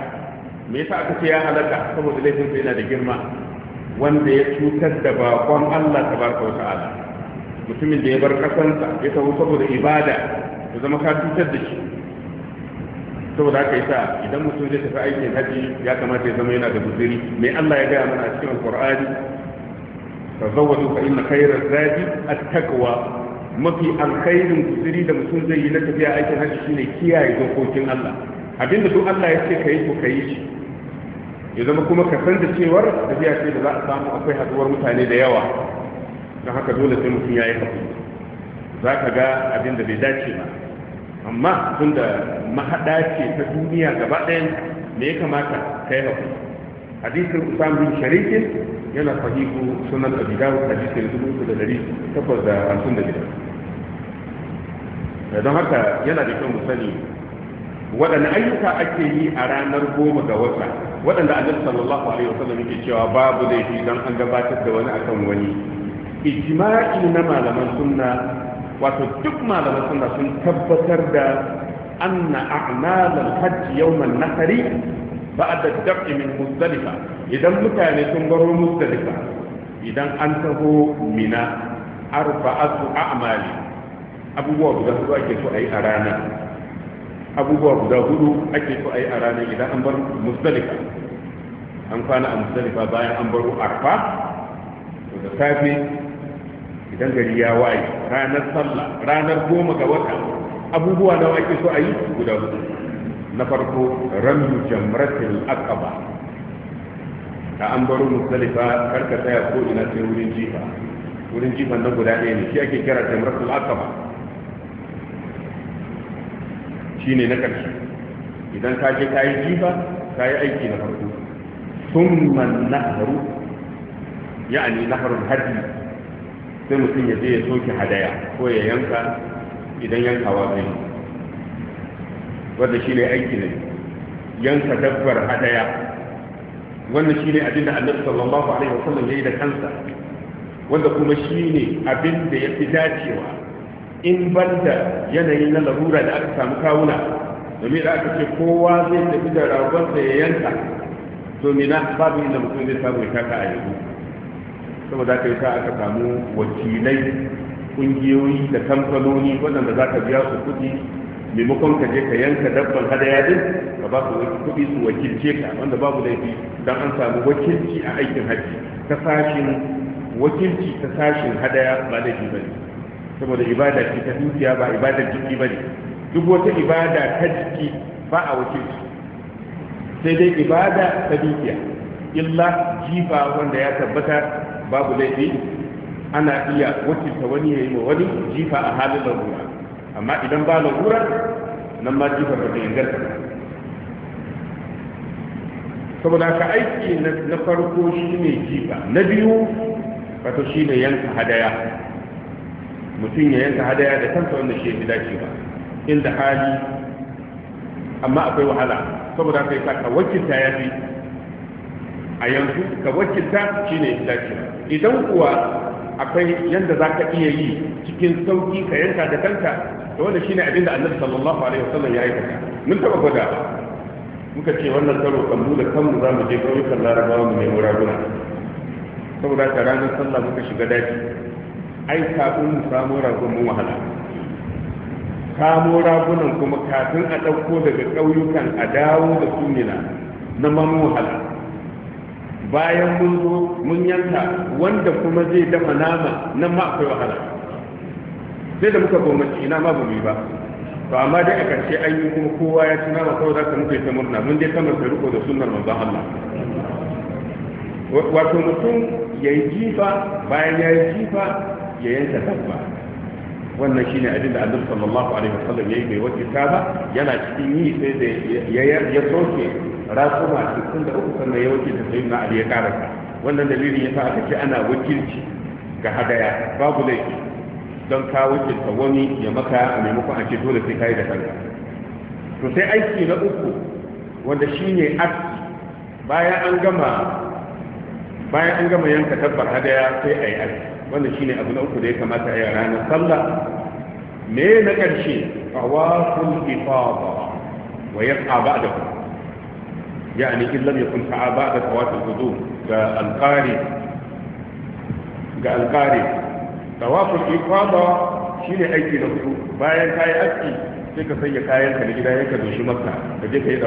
me yasa aka ce ya halaka saboda laifin sa yana da girma wanda ya cutar da bakon Allah tabaraka wa ta'ala mutumin da ya bar kasansa ya tawo saboda ibada ya zama ka cutar da shi saboda haka yasa idan mutum zai tafi aikin haji ya kamata ya zama yana da guzuri me Allah ya gaya mana a cikin alqur'ani tazawwadu fa inna khayra zadi at-taqwa mafi alkhairin kusuri da mutum zai yi na tafiya aikin hajji shine kiyaye dokokin Allah abinda duk Allah ya ce kai to kai shi ya zama kuma ka san da cewar tafiya ce da za a samu akwai haduwar mutane da yawa don haka dole sai mutum ya yi hakuri za ka ga abinda bai dace ba amma tun da mahaɗa ta duniya gaba ɗayan me ya kamata ka yi hakuri hadisin usam bin sharikin yana sahihu sunan abi dawud hadisin dubu da dari takwas da hamsin da biyar eh, don haka yana da kyau mu sani waɗanne ayyuka ake yi a ranar goma ga wata waɗanda annabi sallallahu alaihi wasallam yake cewa babu laifi don an gabatar da wani akan wani ijma'i na malaman sunna wato duk malaman suna, sun tabbatar da anna a'malul hajji yawman nahari ba'da dab'i min muzdalifa idan mutane sun baro muzdalifa idan an taho mina arba'atu a'mali abubuwa guda hudu ake so ayi a rana abubuwa guda hudu ake so ayi a rana idan an bar muzdalifa an kwana a muzdalifa bayan an baro arfa da safe idan gari ya waye ranar sallah ranar goma ga wata abubuwa nawa ake so ayi guda hudu na farko ramu jamratil aqaba ta an baro musdalifa karka tsaya ko ina sai wurin jifa wurin jifa na guda ɗaya ne shi ake kira jamratul aqaba shine na ƙarshe idan ka je ka yi jifa ka yi aiki na farko summa nahru yani nahrul hadi sai mutum ya je ya soke hadaya ko ya yanka idan yankawa zai wanda shi ne aiki ne yanka dabbar hadaya wanda shi ne abin da annabi sallallahu alaihi wasallam ya yi da kansa wanda kuma shi ne abin da ya fi dacewa in banda yanayi na larura da aka samu kawuna domin da aka ce kowa zai tafi da ragonsa ya yanka domin babu inda mutum zai samu ya a yanzu saboda ka yi sa aka samu wakilai ƙungiyoyi da kamfanoni waɗanda za ka biya su kuɗi maimakon ka je ka yanka dabban hadaya din ka ba su kuɗi su wakilce ka wanda babu laifi don an samu wakilci a aikin haji ta sashin wakilci ta sashin hadaya ba laifi ba ne saboda ibada ce ta dukiya ba ibadar jiki ba ne duk wata ibada ta jiki ba a wakilci sai dai ibada ta dukiya illa jifa wanda ya tabbata babu laifi ana iya wakilta wani ya yi ma wani jifa a halin larura amma idan ba larura nan ma jifar ba ta inganta saboda ka aiki na farko shi ne jifa na biyu ta shi ne yanka hadaya mutum ya yanka hadaya da kansa wanda shi ya fi dacewa inda hali amma akwai wahala saboda yi ka wakilta ya fi a yanzu ka wakilta shi ne ya fi dacewa idan kuwa akwai yadda za ka iya yi cikin sauki ka yanka da kanka to wanda shine abin da annabi sallallahu alaihi wasallam ya yi ka. mun taba gwada muka ce wannan karo kan bude kanmu za mu je kauyukan larabawa mu nemi raguna saboda ta ranar sallah muka shiga daji ai kafin mu samu ragon mu wahala kamo ragunan kuma kafin a ɗauko daga ƙauyukan a dawo da sunina na mamu wahala bayan mun zo mun yanka wanda kuma zai dafa nama nan ma akwai wahala sai da muka gwamnati ina ma ba ba to amma dai a karshe an yi kuma kowa ya ci nama kawai za ka muke ta murna mun dai mace riko da sunnar manzan Allah wato mutum ya yi jifa bayan ya yi jifa ya yanka dabba wannan shine abin da Annabi sallallahu alaihi wasallam yayi bai wakilta ba yana cikin yi sai da ya soke da uku sannan ya wuce da na ali ya karasa wannan dalilin sa aka ce ana wakilci ga hadaya babu laifi don ka wakilta wani ya maka a maimakon a ce dole sai kai da kanka to sai aiki na uku wanda shine aski bayan an gama bayan an gama yanka tabbar hadaya sai a yi aski wannan shine abu na uku da ya kamata a yi ranar sallah me na ƙarshe a wasu ifada wa yas'a kuma yani in lam yakun fa'a ba'da tawatul wudu ga alqari ga alqari tawaful ifada shine aiki na hudu bayan kai aski sai ka sanya kayan na gida yanka zo makka ka je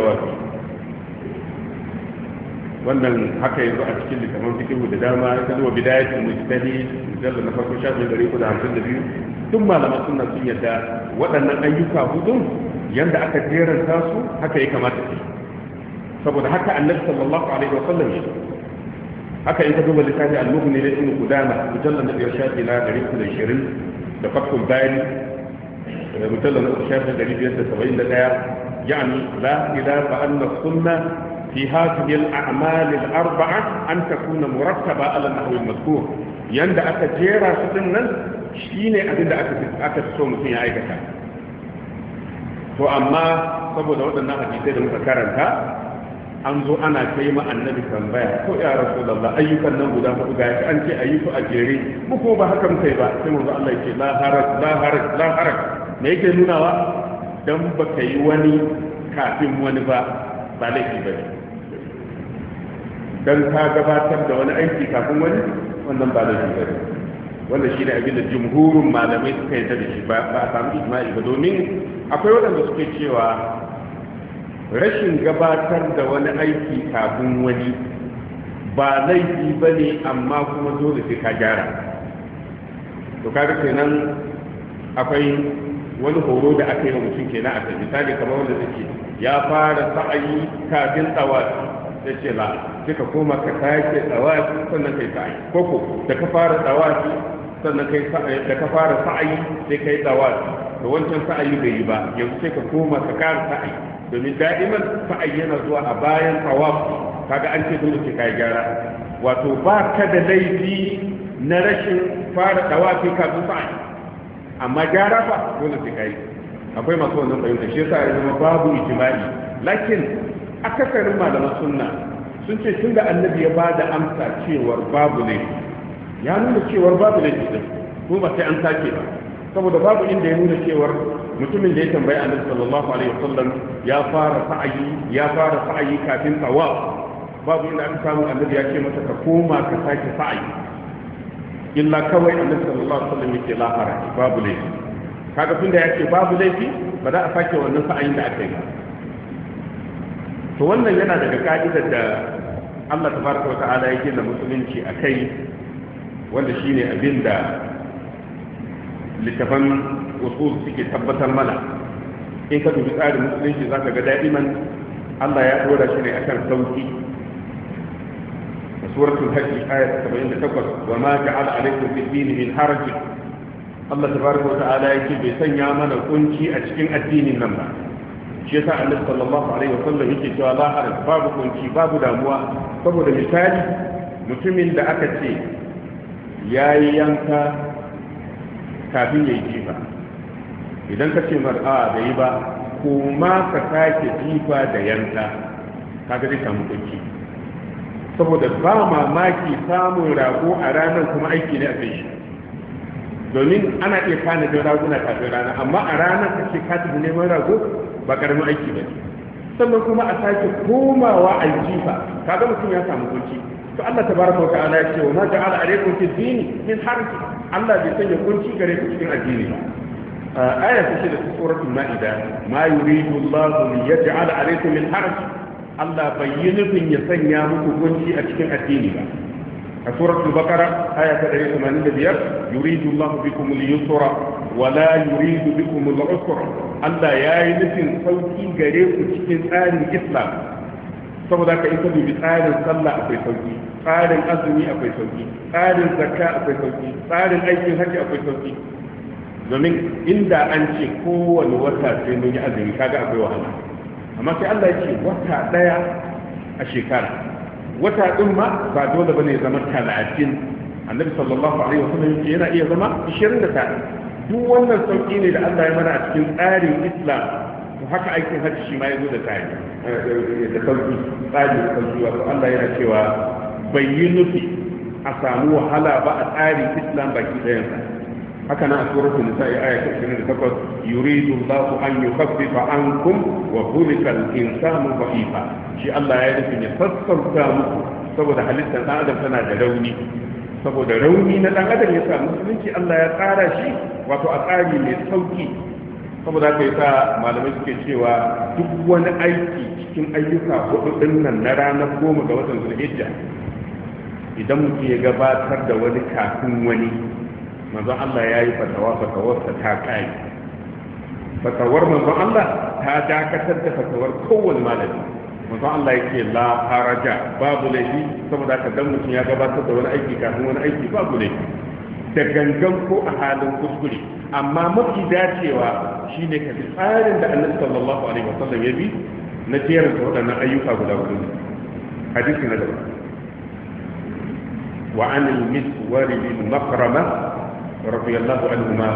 wannan haka yanzu a cikin littafin cikin da dama ta zuwa bidayatul mujtahid mujalla na farko shafin gari ko da hamsin da biyu tun malaman sunna sun yadda waɗannan ayyuka hudun yanda aka jeranta su haka ya kamata su saboda haka annabi sallallahu alaihi wasallam ya haka in ka duba littafin al-mughni da ibn qudama mujallal da shafi na 320 da fatul bayani da mujallal da shafi 571 yani la ila fa anna sunna fi hadhihi al-a'mal al-arba'a an takuna ala في هذه الأعمال الأربعة أن تكون مرتبة على النحو المذكور يند أتجيرا aka aka so أتسوم في aikata to amma saboda waɗannan hadisai da muka karanta an zo ana kai ma annabi tambaya ko ya rasulullah ayyukan nan guda hudu ga shi an ce ayi su a jere mu ko ba hakan kai ba sai manzo Allah yake la harak la harak la harak me yake wa dan baka yi wani kafin wani ba ba laifi ba dan ka gabatar da wani aiki kafin wani wannan ba laifi ba wannan shi ne abin da jumhurin malamai suka yi da shi ba a samu ijma'i ba domin akwai waɗanda suke cewa rashin gabatar da wani aiki kafin wani ba laifi ba ne amma kuma dole sai ka gyara to kaga kenan akwai wani horo da aka yi wa mutum kenan a kan misali kamar wanda zai ya fara sa'ayi kafin tsawat ya ce la ka koma ka sake tsawat sannan kai sa'ayi koko da ka fara tsawat sannan kai sa'ayi da ka fara sa'ayi sai kai tsawat to wancan sa'ayi bai yi ba yanzu sai ka koma ka kara sa'ayi domin da'iman fa ayyana zuwa a bayan tawaf kaga an ce dole kai gyara wato ba ka da laifi na rashin fara tawafi kafin sa'i amma gyara fa dole sai kai akwai masu wannan fahimta shi yasa ya zama babu ijma'i lakin akasarin malaman sunna sun ce tunda annabi ya ba da amsa cewar babu ne ya nuna cewar babu ne ko ba sai an sake ba saboda babu inda ya nuna cewar mutumin da ya tambayi annabi sallallahu alaihi wasallam ya fara sa'ayi ya fara sa'ayi kafin tawa. babu inda aka samu annabi ya ce masa ka koma ka sake sa'ayi illa kawai annabi sallallahu alaihi wasallam yake lahara babu laifi kaga tunda ya ce babu laifi ba za a sake wannan sa'ayin da aka yi ba to wannan yana daga ka'idar da Allah tabaraka wa ta'ala yake da musulunci akai wanda shine abin da littafan usul suke tabbatar mana in ka dubi tsarin musulunci za ka ga da'iman Allah ya dora shi ne akan sauki suratul hajj da takwas, wa ma ja'ala alaykum fid din min haraj Allah tabaraka wa ta'ala ce bai sanya mana kunci a cikin addinin nan ba shi yasa Annabi sallallahu alaihi wa sallam yake cewa la haraj babu kunci babu damuwa saboda misali mutumin da aka ce yayi yanka kafin ya yi jifa idan ka ce mar da yi ba kuma ka sake jifa da yanka kaga zai samu kunci saboda ba mamaki samun rago a ranar kuma aiki ne a kai shi domin ana iya kana da raguna kafin rana amma a ranar ka ce ka tafi neman rago ba karamin aiki ba sannan kuma a sake komawa a jifa kaga mutum ya samu kunci to Allah tabaraka wa ta'ala ya ce wa ma ja'ala alaykum fi dini min harfi Allah bai sanya kunci gare ku cikin addini ba aya ta ce da suratul maida ma yuridu Allahu li yaj'al alaykum min haraj Allah bai yi nufin ya sanya muku kunci a cikin addini ba a suratul baqara aya ta 185 yuridu Allahu bikum al-yusra wa la yuridu bikum al-usra Allah yi nufin sauki gare ku cikin tsarin Islam saboda ka isa dubi tsarin sallah akwai sauki tsarin azumi akwai sauki tsarin zakka akwai sauki tsarin aikin haji akwai sauki domin inda an ce kowane wata sai mun yi azumi kaga akwai wahala amma sai Allah ya ce wata daya a shekara wata din ma ba dole bane zama talatin annabi sallallahu alaihi wasallam yake yana iya zama 29 duk wannan sauki ne da Allah ya mana a cikin tsarin Islam haka aikin hajji shi ma ya zo da tsari da sauki tsari da sauki wato Allah yana cewa bai yi nufi a samu wahala ba a tsarin islam baki ɗayansa haka na a suratul nisa ya aya 28 yuridu Allahu an yukaffifa ankum wa khulika al-insanu dha'ifa shi Allah ya nufi ya sassauta muku saboda halittar ɗan adam tana da rauni saboda rauni na ɗan adam ya samu, musulunci Allah ya tsara shi wato a tsari mai sauki saboda haka sa malamai suke cewa duk wani aiki cikin ayyuka hudu din nan na ranar goma ga watan zulhijja idan mutum ya gabatar da wani kafin wani manzon Allah ya yi fatawa fatawarsa ta kai fatawar manzon Allah ta dakatar da fatawar kowane malami manzon Allah yake la haraja babu laifi saboda haka dan mutum ya gabatar da wani aiki kafin wani aiki babu laifi da gangan ko a halin kuskure amma mafi dacewa shi ne ka fi tsarin da annabi sallallahu alaihi wasallam ya bi na jerin ta waɗannan ayyuka guda guda hadisi na gaba wa an al-miswar bin makrama radiyallahu anhuma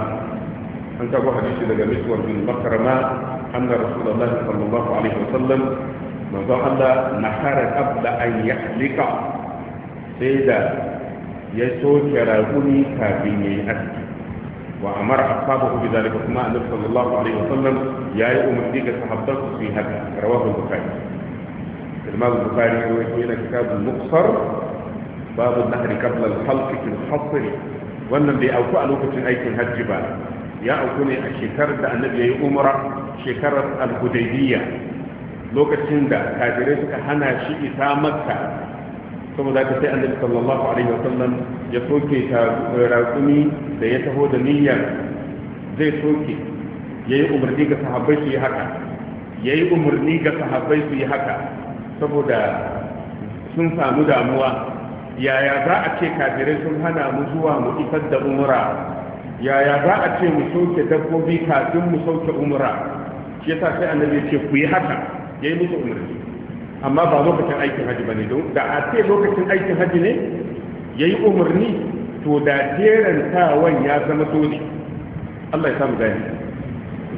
an kawo hadisi daga miswar bin makrama anna rasulullahi sallallahu alaihi wasallam manzo Allah na nahara qabla an yahlika sai da ya soke raguni kafin yayi aski wa amara ashabahu bi zalika kuma annabi sallallahu alaihi wasallam yayi umarni ga sahabbansa su yi haka rawahu bukhari imam bukhari ya rawaito yana kitabul muqsar babu nahri qabla al-halq fi al-hasr wannan bai auku a lokacin aikin hajji ba ya auku ne a shekarar da annabi yayi umra shekarar al lokacin da kafirai suka hana shi isa makka saboda ka sai annabi sallallahu alaihi wasallam ya soke raƙumi da ya taho da niyyar zai soke yayi umarni ga sahabbai su yi haka yayi umarni ga sahabbai su yi haka saboda sun samu damuwa yaya za a ce kafirai sun hana mu zuwa mu isar da umura? yaya za a ce mu soke dabbobi kafin mu soke umara? shi yasa sai annabi ya ce ku yi haka yayi musu umarni amma ba lokacin aikin haji bane don da a ce lokacin aikin haji ne ya yi umarni to da jerantawan ya zama dole Allah ya samu gani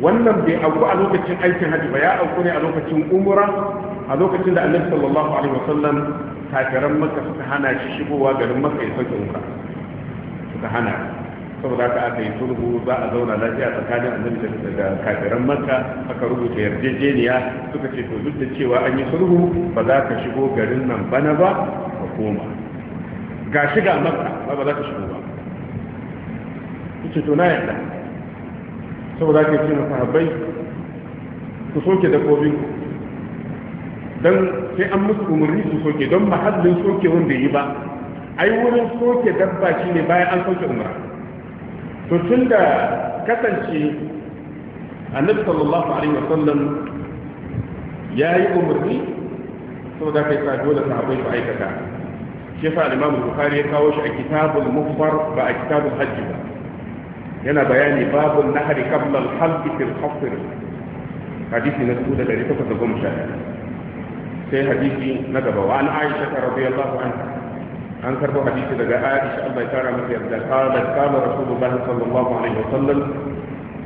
wannan bai auku a lokacin aikin haji ba ya auku ne a lokacin umura, a lokacin da Annabi sallallahu alaihi wasallam kafiran maka suka hana shi shigowa garin maka ya sauke umra suka hana saboda haka aka yi sulhu za a zauna lafiya tsakanin annabi da kafiran makka aka rubuta yarjejeniya suka ce to duk da cewa an yi sulhu ba za ka shigo garin nan bana ba ka koma ga shiga makka ba ba za ka shigo ba ce to na yadda saboda haka ce masa habai ku soke da ku don sai an musu umarni su soke don mahallin soke wanda yi ba ai wurin soke dabba shine bayan an soke umra to tun da kasance annabi sallallahu alaihi wasallam ya yi umarni saboda kai sa dole sahabbai su aikata shi yasa al-Imam Bukhari ya kawo shi a kitabul Mufar ba a kitabul Hajj ba yana bayani babu nahari qabla al-halq fil hafr hadisi na 1810 sai hadisi na gaba wa an Aisha radiyallahu anha an karbo hadisi daga Aisha Allah ya kara mata yarda qala qala Rasulullah sallallahu alaihi wasallam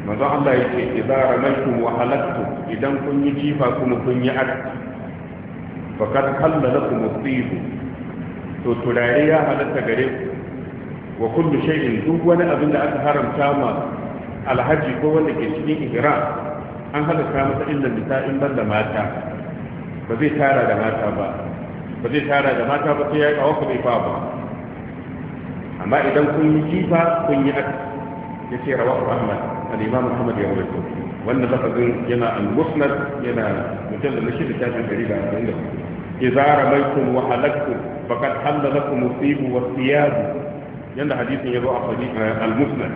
manzo Allah yake idza ramaytum wa halaktum idan kun yi jifa kuma kun yi aka faqad halla lakum musib to turare ya halatta gare ku wa kullu shay'in duk wani abin da aka haramta ma alhaji ko wanda ke cikin ihram an halatta masa illa nisa in banda mata ba zai tara da mata ba bazai tara da mata ba sai ya yi kawafa bai fa ba amma idan kun yi jifa kun yi aka ya ce rawa ahmad al-imam muhammad ya rawaito wannan lafazin yana al-musnad yana mujallal shi da tashin gari da abin da ke zara ramaytum wa halaktum faqad halla lakum musibu wa thiyab yanda hadisin yazo a hadith al-musnad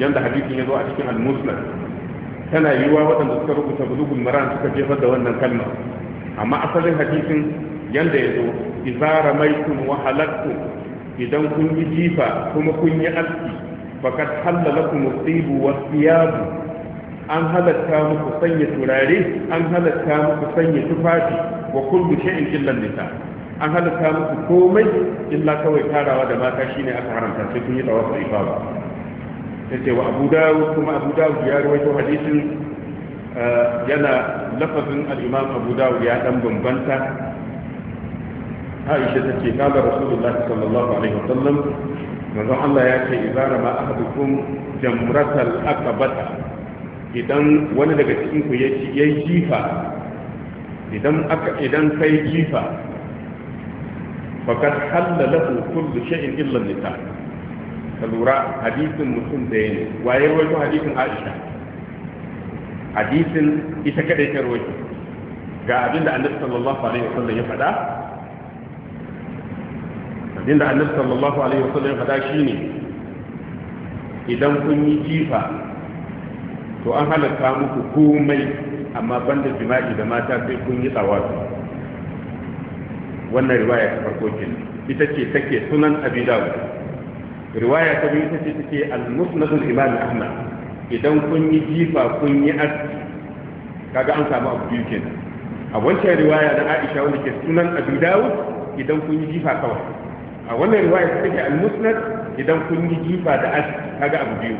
yanda hadisin yazo a cikin al-musnad tana yiwa waɗanda suka rubuta bulugul maran suka jefar da wannan kalma amma asalin hadisin yanda ya zo izara maitum wa halaktum idan kun yi jifa kuma kun yi alki fakat halalakum usibu wa siyabu an halatta muku sanya turare an halatta muku sanya tufafi wa kullu shay'in illa nisa an halatta muku komai illa kawai tarawa da mata shine aka haramta sai kun yi ba ifaba ce wa abu dawud kuma abu dawud ya rawaito hadisin yana lafazin al-imam abu dawud ya dan bambanta aisha ta take kala rasulullahi sallallahu alaihi wasallam manzon Allah ya ce idza rama ahadukum jamratal aqabata idan wani daga cikin ku yayi jifa idan aka idan kai jifa fakat halla lahu kullu shay'in illa an-nisa kalura hadithin mutum da ne waye rawaito hadithin Aisha hadisin ita kadai ta rawaito ga abinda annabi sallallahu alaihi wasallam ya faɗa abinda annabi sallallahu alaihi wasallam ya faɗa shine idan kun yi jifa to an halatta muku komai amma banda jima'i da mata sai kun yi tsawasu wannan riwaya ta farko kenan ita ce take sunan abi dawud riwaya ta biyu ita ce take al-musnad al-imam ahmad idan kun yi jifa kun yi aski kaga an samu abu biyu kenan a wancan riwaya na Aisha wanda ke sunan Abu Dawud idan kun yi jifa kawai a wannan riwaya ta take al-Musnad idan kun yi jifa da aski kaga abu biyu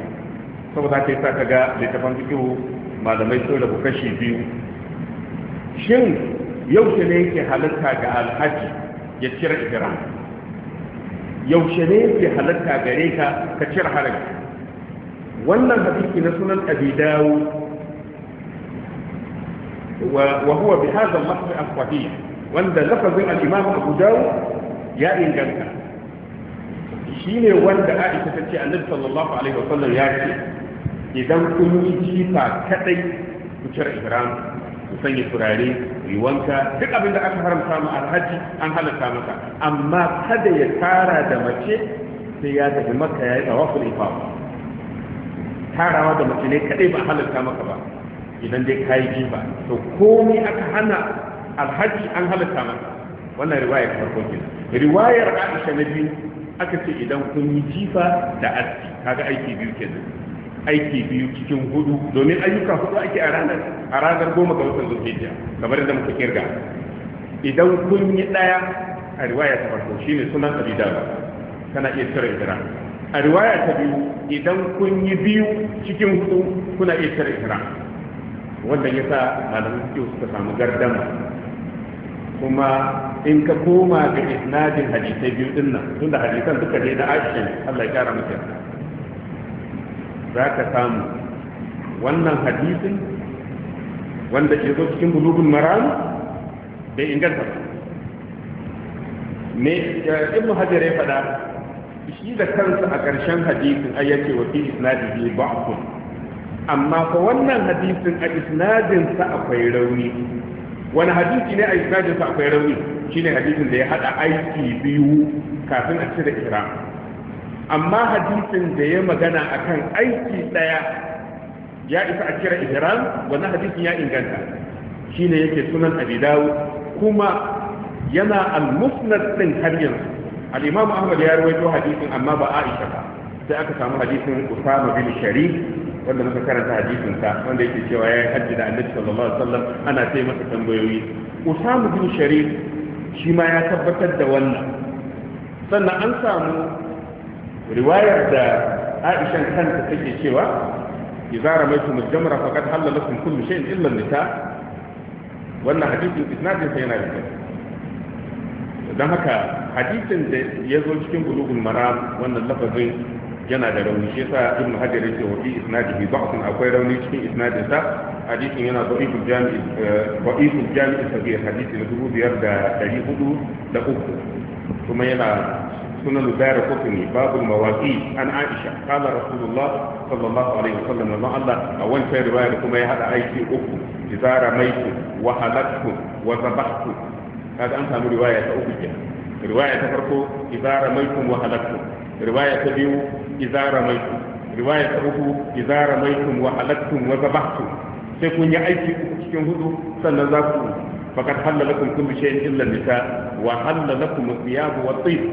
saboda haka sa kaga littafin ko malamai so da kashi biyu shin yaushe ne yake halatta ga alhaji ya cire ihram yaushe ne yake halatta gare ka ka cire harami wannan hadisi na sunan abi dawo wa huwa bi hadha al-lafz al-sahih wanda lafazin al-imam abu dawo ya inganta shine wanda Aisha ta ce Annabi sallallahu alaihi wasallam ya ce idan kun yi jifa kadai ku cire ihram ku sanya turare ku yi wanka duk abin da aka haramta mu alhaji an halatta maka amma kada ya tara da mace sai ya tafi maka ya yi tawaful ifafa tarawa da mace ne kadai ba halarta maka ba idan dai kayi ba to komai aka hana alhaji an halarta maka wannan riwayar farko kenan riwayar Aisha na biyu aka ce idan kun yi jifa da aski kaga aiki biyu kenan aiki biyu cikin hudu domin ayyuka hudu ake a ranar a ranar goma ga watan zuciya kamar yadda muka kirga idan kun yi daya a riwaya ta farko shine sunan abidawa kana iya cire hijira a riwaya ta biyu idan kun yi biyu cikin hudu kuna iya cire ihram wanda ya sa malamin fiqh suka samu gardama kuma in ka koma ga isnadin hadisai biyu din nan tun da hadisan duka ne na Aisha Allah ya kara mata za ka samu wannan hadisin wanda ke zo cikin bulugul maram bai inganta ba me eh, ibnu hajar ya faɗa shi da kansa a ƙarshen hadisin ai yake wa fi bi ba'dun amma fa wannan hadisin a isnadin sa akwai rauni wani hadisi ne a isnadin sa akwai rauni shine hadisin da ya hada aiki biyu kafin a cire kira amma hadisin da ya magana akan aiki daya ya isa a kira ihram wannan hadisin ya inganta shine yake sunan abi kuma yana al-musnad din har Alimamu ahmad ya rawaito hadisin amma ba aisha ba sai aka samu hadisin usama bin sharif wanda muka karanta hadisin sa wanda yake cewa ya yi hajji da annabi sallallahu alaihi wasallam ana sai masa tambayoyi usama bin sharif shi ma ya tabbatar da wannan sannan an samu riwayar da aishan kanta take cewa idza ramaytum al-jamra faqad halala lakum kullu shay'in illa an-nisa wannan hadisin isnadin sa yana da kyau don haka hadisin da ya zo cikin bulugul maram wannan lafazin yana da rauni shi yasa ibn hajar yake wa fi isnadihi da'fun akwai rauni cikin isnadin sa hadisin yana da'iful jami'i eh, da'iful jami'i sabir hadisi na dubu biyar da dari hudu da uku kuma yana sunan dara kutuni babu mawaki an aisha qala rasulullah sallallahu alaihi wasallam Allah a wancan riwaya kuma ya hada aiki uku izara wa kaga an samu riwaya ta uku kenan riwaya ta farko idza ramaitum wa halaktum riwaya ta biyu idza ramaitum riwaya ta uku idza ramaitum wa halaktum wa zabahtum sai kun yi aiki uku cikin hudu sannan za ku fakat halla lakum kullu shay'in illa nisa wa halla lakum thiyab wa tayyib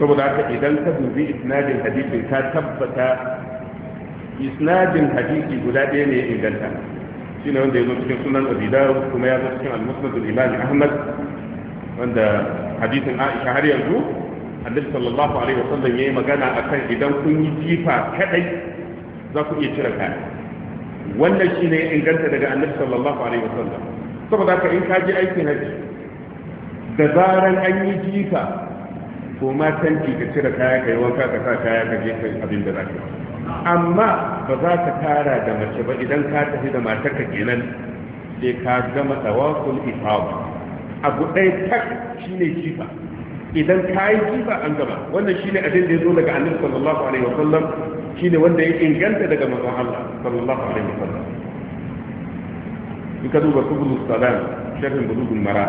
saboda haka idan ka dubi isnadin hadisi ka tabbata isnadin hadisi guda ɗaya ne ya inganta shine wanda ya zo cikin sunan abi dawud kuma ya zo cikin al-musnad al-imam ahmad wanda hadisin Aisha har yanzu Annabi sallallahu alaihi wasallam yayi magana akan idan kun yi jifa kadai za ku iya cire kaya wannan shine ya inganta daga Annabi sallallahu alaihi wasallam saboda ka in ka ji aikin haji da zaran an yi jifa ko ma tanki ka cire kaya kai wanka ka sa kaya ka je kai abin da zaka amma ba za ka tara da mace ba idan ka tafi da matarka kenan sai ka gama tawakkul ifa abu ɗaya tak shine jifa idan ka yi jifa an gaba wannan shine abin da ya zo daga annabi sallallahu alaihi wasallam shine wanda ya inganta daga manzon Allah sallallahu alaihi sallam. in ka duba subul salam shafin bulugul mara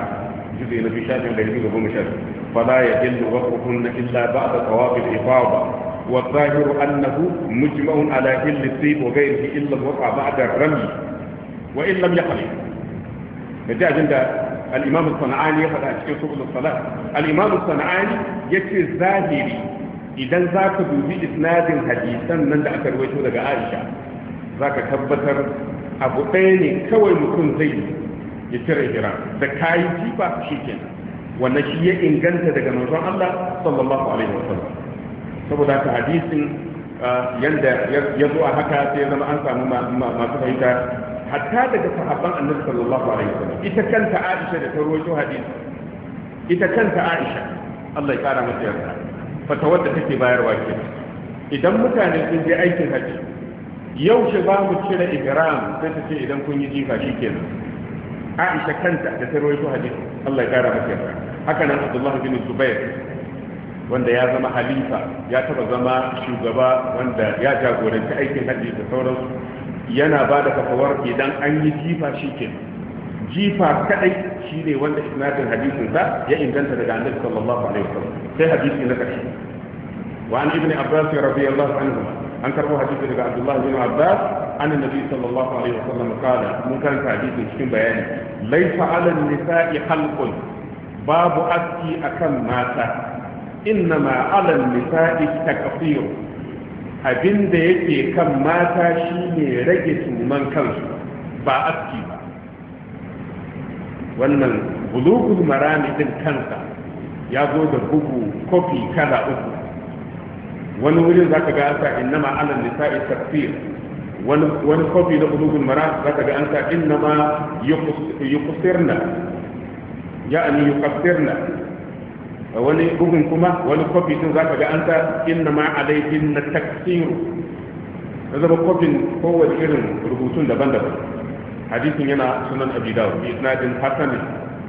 جزء نبي شافع لجزء هم شافع فلا يجل وقفهن إلا بعد طواف الإفاضة والظاهر أنه مجمع على كل الطيب وغيره إلا الوقع بعد الرمي وإن da يقل نجاز عند al-imam sana'ani ya faɗa a cikin subul salat al-imam sana'ani yace zahiri idan zaka dubi isnadin hadisan nan da aka rawaito daga Aisha ka tabbatar abu ɗaya ne kawai mutum zai ya cire hira da kayi jifa shikenan wannan shi ya inganta daga manzon Allah sallallahu alaihi wasallam saboda haka hadisin yanda ya zo a haka sai zama an samu masu fahimta hatta daga sahabban annabi sallallahu alaihi wasallam ita kanta Aisha da ta rawaito hadisi ita kanta Aisha Allah ya kara mata yarda fatawar da take bayarwa ke idan mutane sun je aikin haji yau shi ba mu cire ikram sai ta ce idan kun yi jifa shikenan Aisha kanta da ta rawaito hadisi Allah ya kara mata yarda haka nan Abdullah bin Zubair wanda ya zama halifa ya taba zama shugaba wanda ya jagoranci aikin hajji da sauransu yana ba da fatawar idan an yi jifa shi ke jifa kadai shi ne wanda isnadin hadisin sa ya inganta daga annabi sallallahu alaihi wasallam sai hadisi na karshe wa an ibn abbas radiyallahu anhu an karbo hadisi daga abdullah bin abbas an annabi sallallahu alaihi wasallam kala mun karanta hadisin cikin bayani laifa ala nisa'i khalqun babu aski akan mata innama ala nisa'i takfir abin da yake kan mata shi ne rage tuman kansu ba aski ba wannan bulugul marami din kansa ya zo da bugu kofi kala uku wani wurin za ka ga an sa innama alal nisa'i tafsir wani kofi na bulugul maram za ka ga an sa innama yuqsirna ya'ani yuqsirna wani bugun kuma wani kofi za zaka ga an sa inna ma alaihin na taksiru na zama kofin kowace irin rubutun daban-daban hadisin yana sunan abi dawud bi isnadin hasan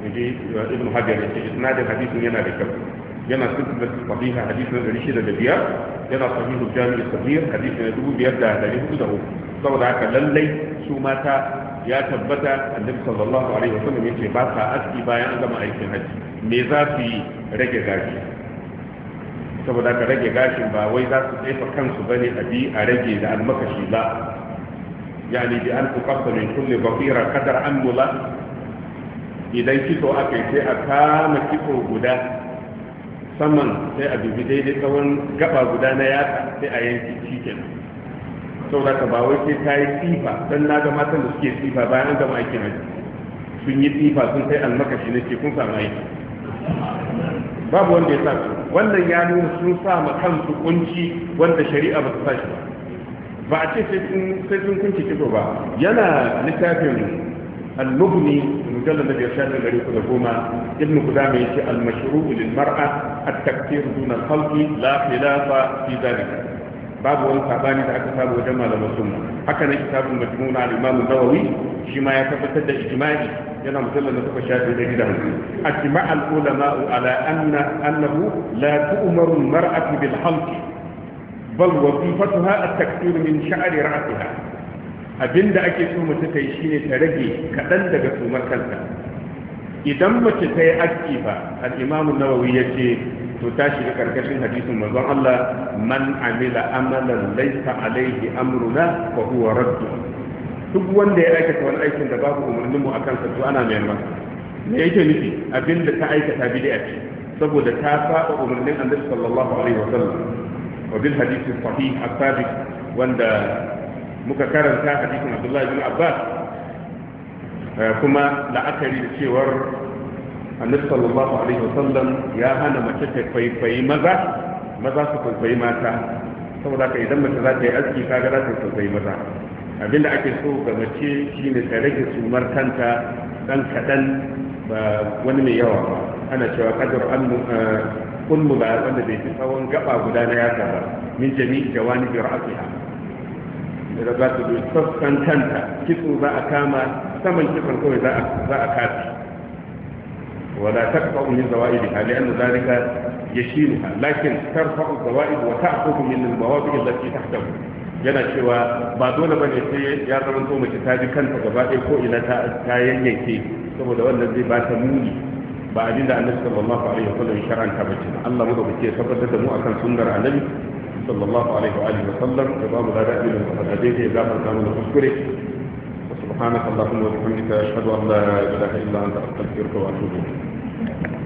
inji uh, ibn hajar yace isnadin hadisin yana da kyau yana sifar sahiha hadisin da shida da biyar yana sahihu jami'i sahih hadisin da dubu biyar da dari hudu da hudu saboda haka lallai su mata ya tabbata annabi sallallahu alaihi wasallam yace ba sa aski bayan an gama aikin haji me za su yi rage gashi saboda ka rage gashin ba wai za su tsefa kansu bane a bi a rage da almakashi ba yani bi an tuqaffa min kulli baqira qadar amula. idan kitso aka yi sai a kama kitso guda saman sai a bibi daidai tsawon gaba guda na yatsa sai a yanki cikin saurata ba wai sai ta yi tsifa don na ga matan da suke tsifa bayan an gama aikin haji sun yi tsifa sun kai almakashi na ce kun samu aiki babu wanda ya sa wannan ya nuna sun sa ma kansu kunci wanda shari'a ba ta sa shi ba a ce sai sun kunci kido ba yana littafin al-mughni mujallal da biyar shafin gari da goma ibn kudama yace al-mashru'u lil mar'a at-takfir duna al-khalqi la khilafa fi dhalika babu wani sabani da aka saba wajen malaman sunna haka ne kitabun majmu'un al-imam nawawi shi ma ya tabbatar da ijma'i yana musallan da suka shafi da gidan ajma al-ulama ala anna annahu la tu'maru mar'atu bil halq bal wazifatuha at-takfir min sha'ri ra'siha abinda ake so mace ta yi shine ta rage kadan daga sumar kanta idan mace ta yi aski ba al-imam nawawi ce, to ta shiga karkashin hadisin manzon Allah man amila amalan laysa alaihi amruna fa huwa radd duk wanda ya aikata wani aikin da babu umarnin mu akan sa to ana mai me yake nufi abinda ta aikata bid'a ce saboda ta saba umarnin Annabi sallallahu alaihi wa sallam wa bil hadith sahih as-sabiq wanda muka karanta hadisin Abdullah ibn Abbas Eh, kuma la'akari da cewar annabi sallallahu alaihi wasallam ya hana mace ta kwaikwayi maza maza su kwaikwayi mata saboda ka idan mace za ta yi aski kaga za ta kwaikwayi maza abinda ake so ga mace shine ta rage sumar kanta dan kadan ba wani mai yawa ba ana cewa kadar kulmu eh, ba wanda bai fi tsawon gaba guda na yasa ba min jami'i jawani bi ra'siha da za su bi sassan kanta kitso za a kama saman kitson kawai za a kafi wala taqta'u min zawaidiha ya dhalika yashiluha lakin tarfa'u zawaid wa ta'qubu min al-mawadi' allati tahtahu yana cewa ba dole bane sai ya zama to mace ta ji kanta gaba ɗaya ko ina ta ta yanyanke saboda wannan zai ba ta muni ba abinda annabi sallallahu alaihi wasallam shar'anta ba Allah mu da muke tabbatar da mu akan sunnar annabi صلى الله عليه وآله وسلم إمام لا دائم الحديث إذا فرقنا من الكفر وسبحانك اللهم وبحمدك أشهد أن لا إله إلا أنت أستغفرك وأتوب إليك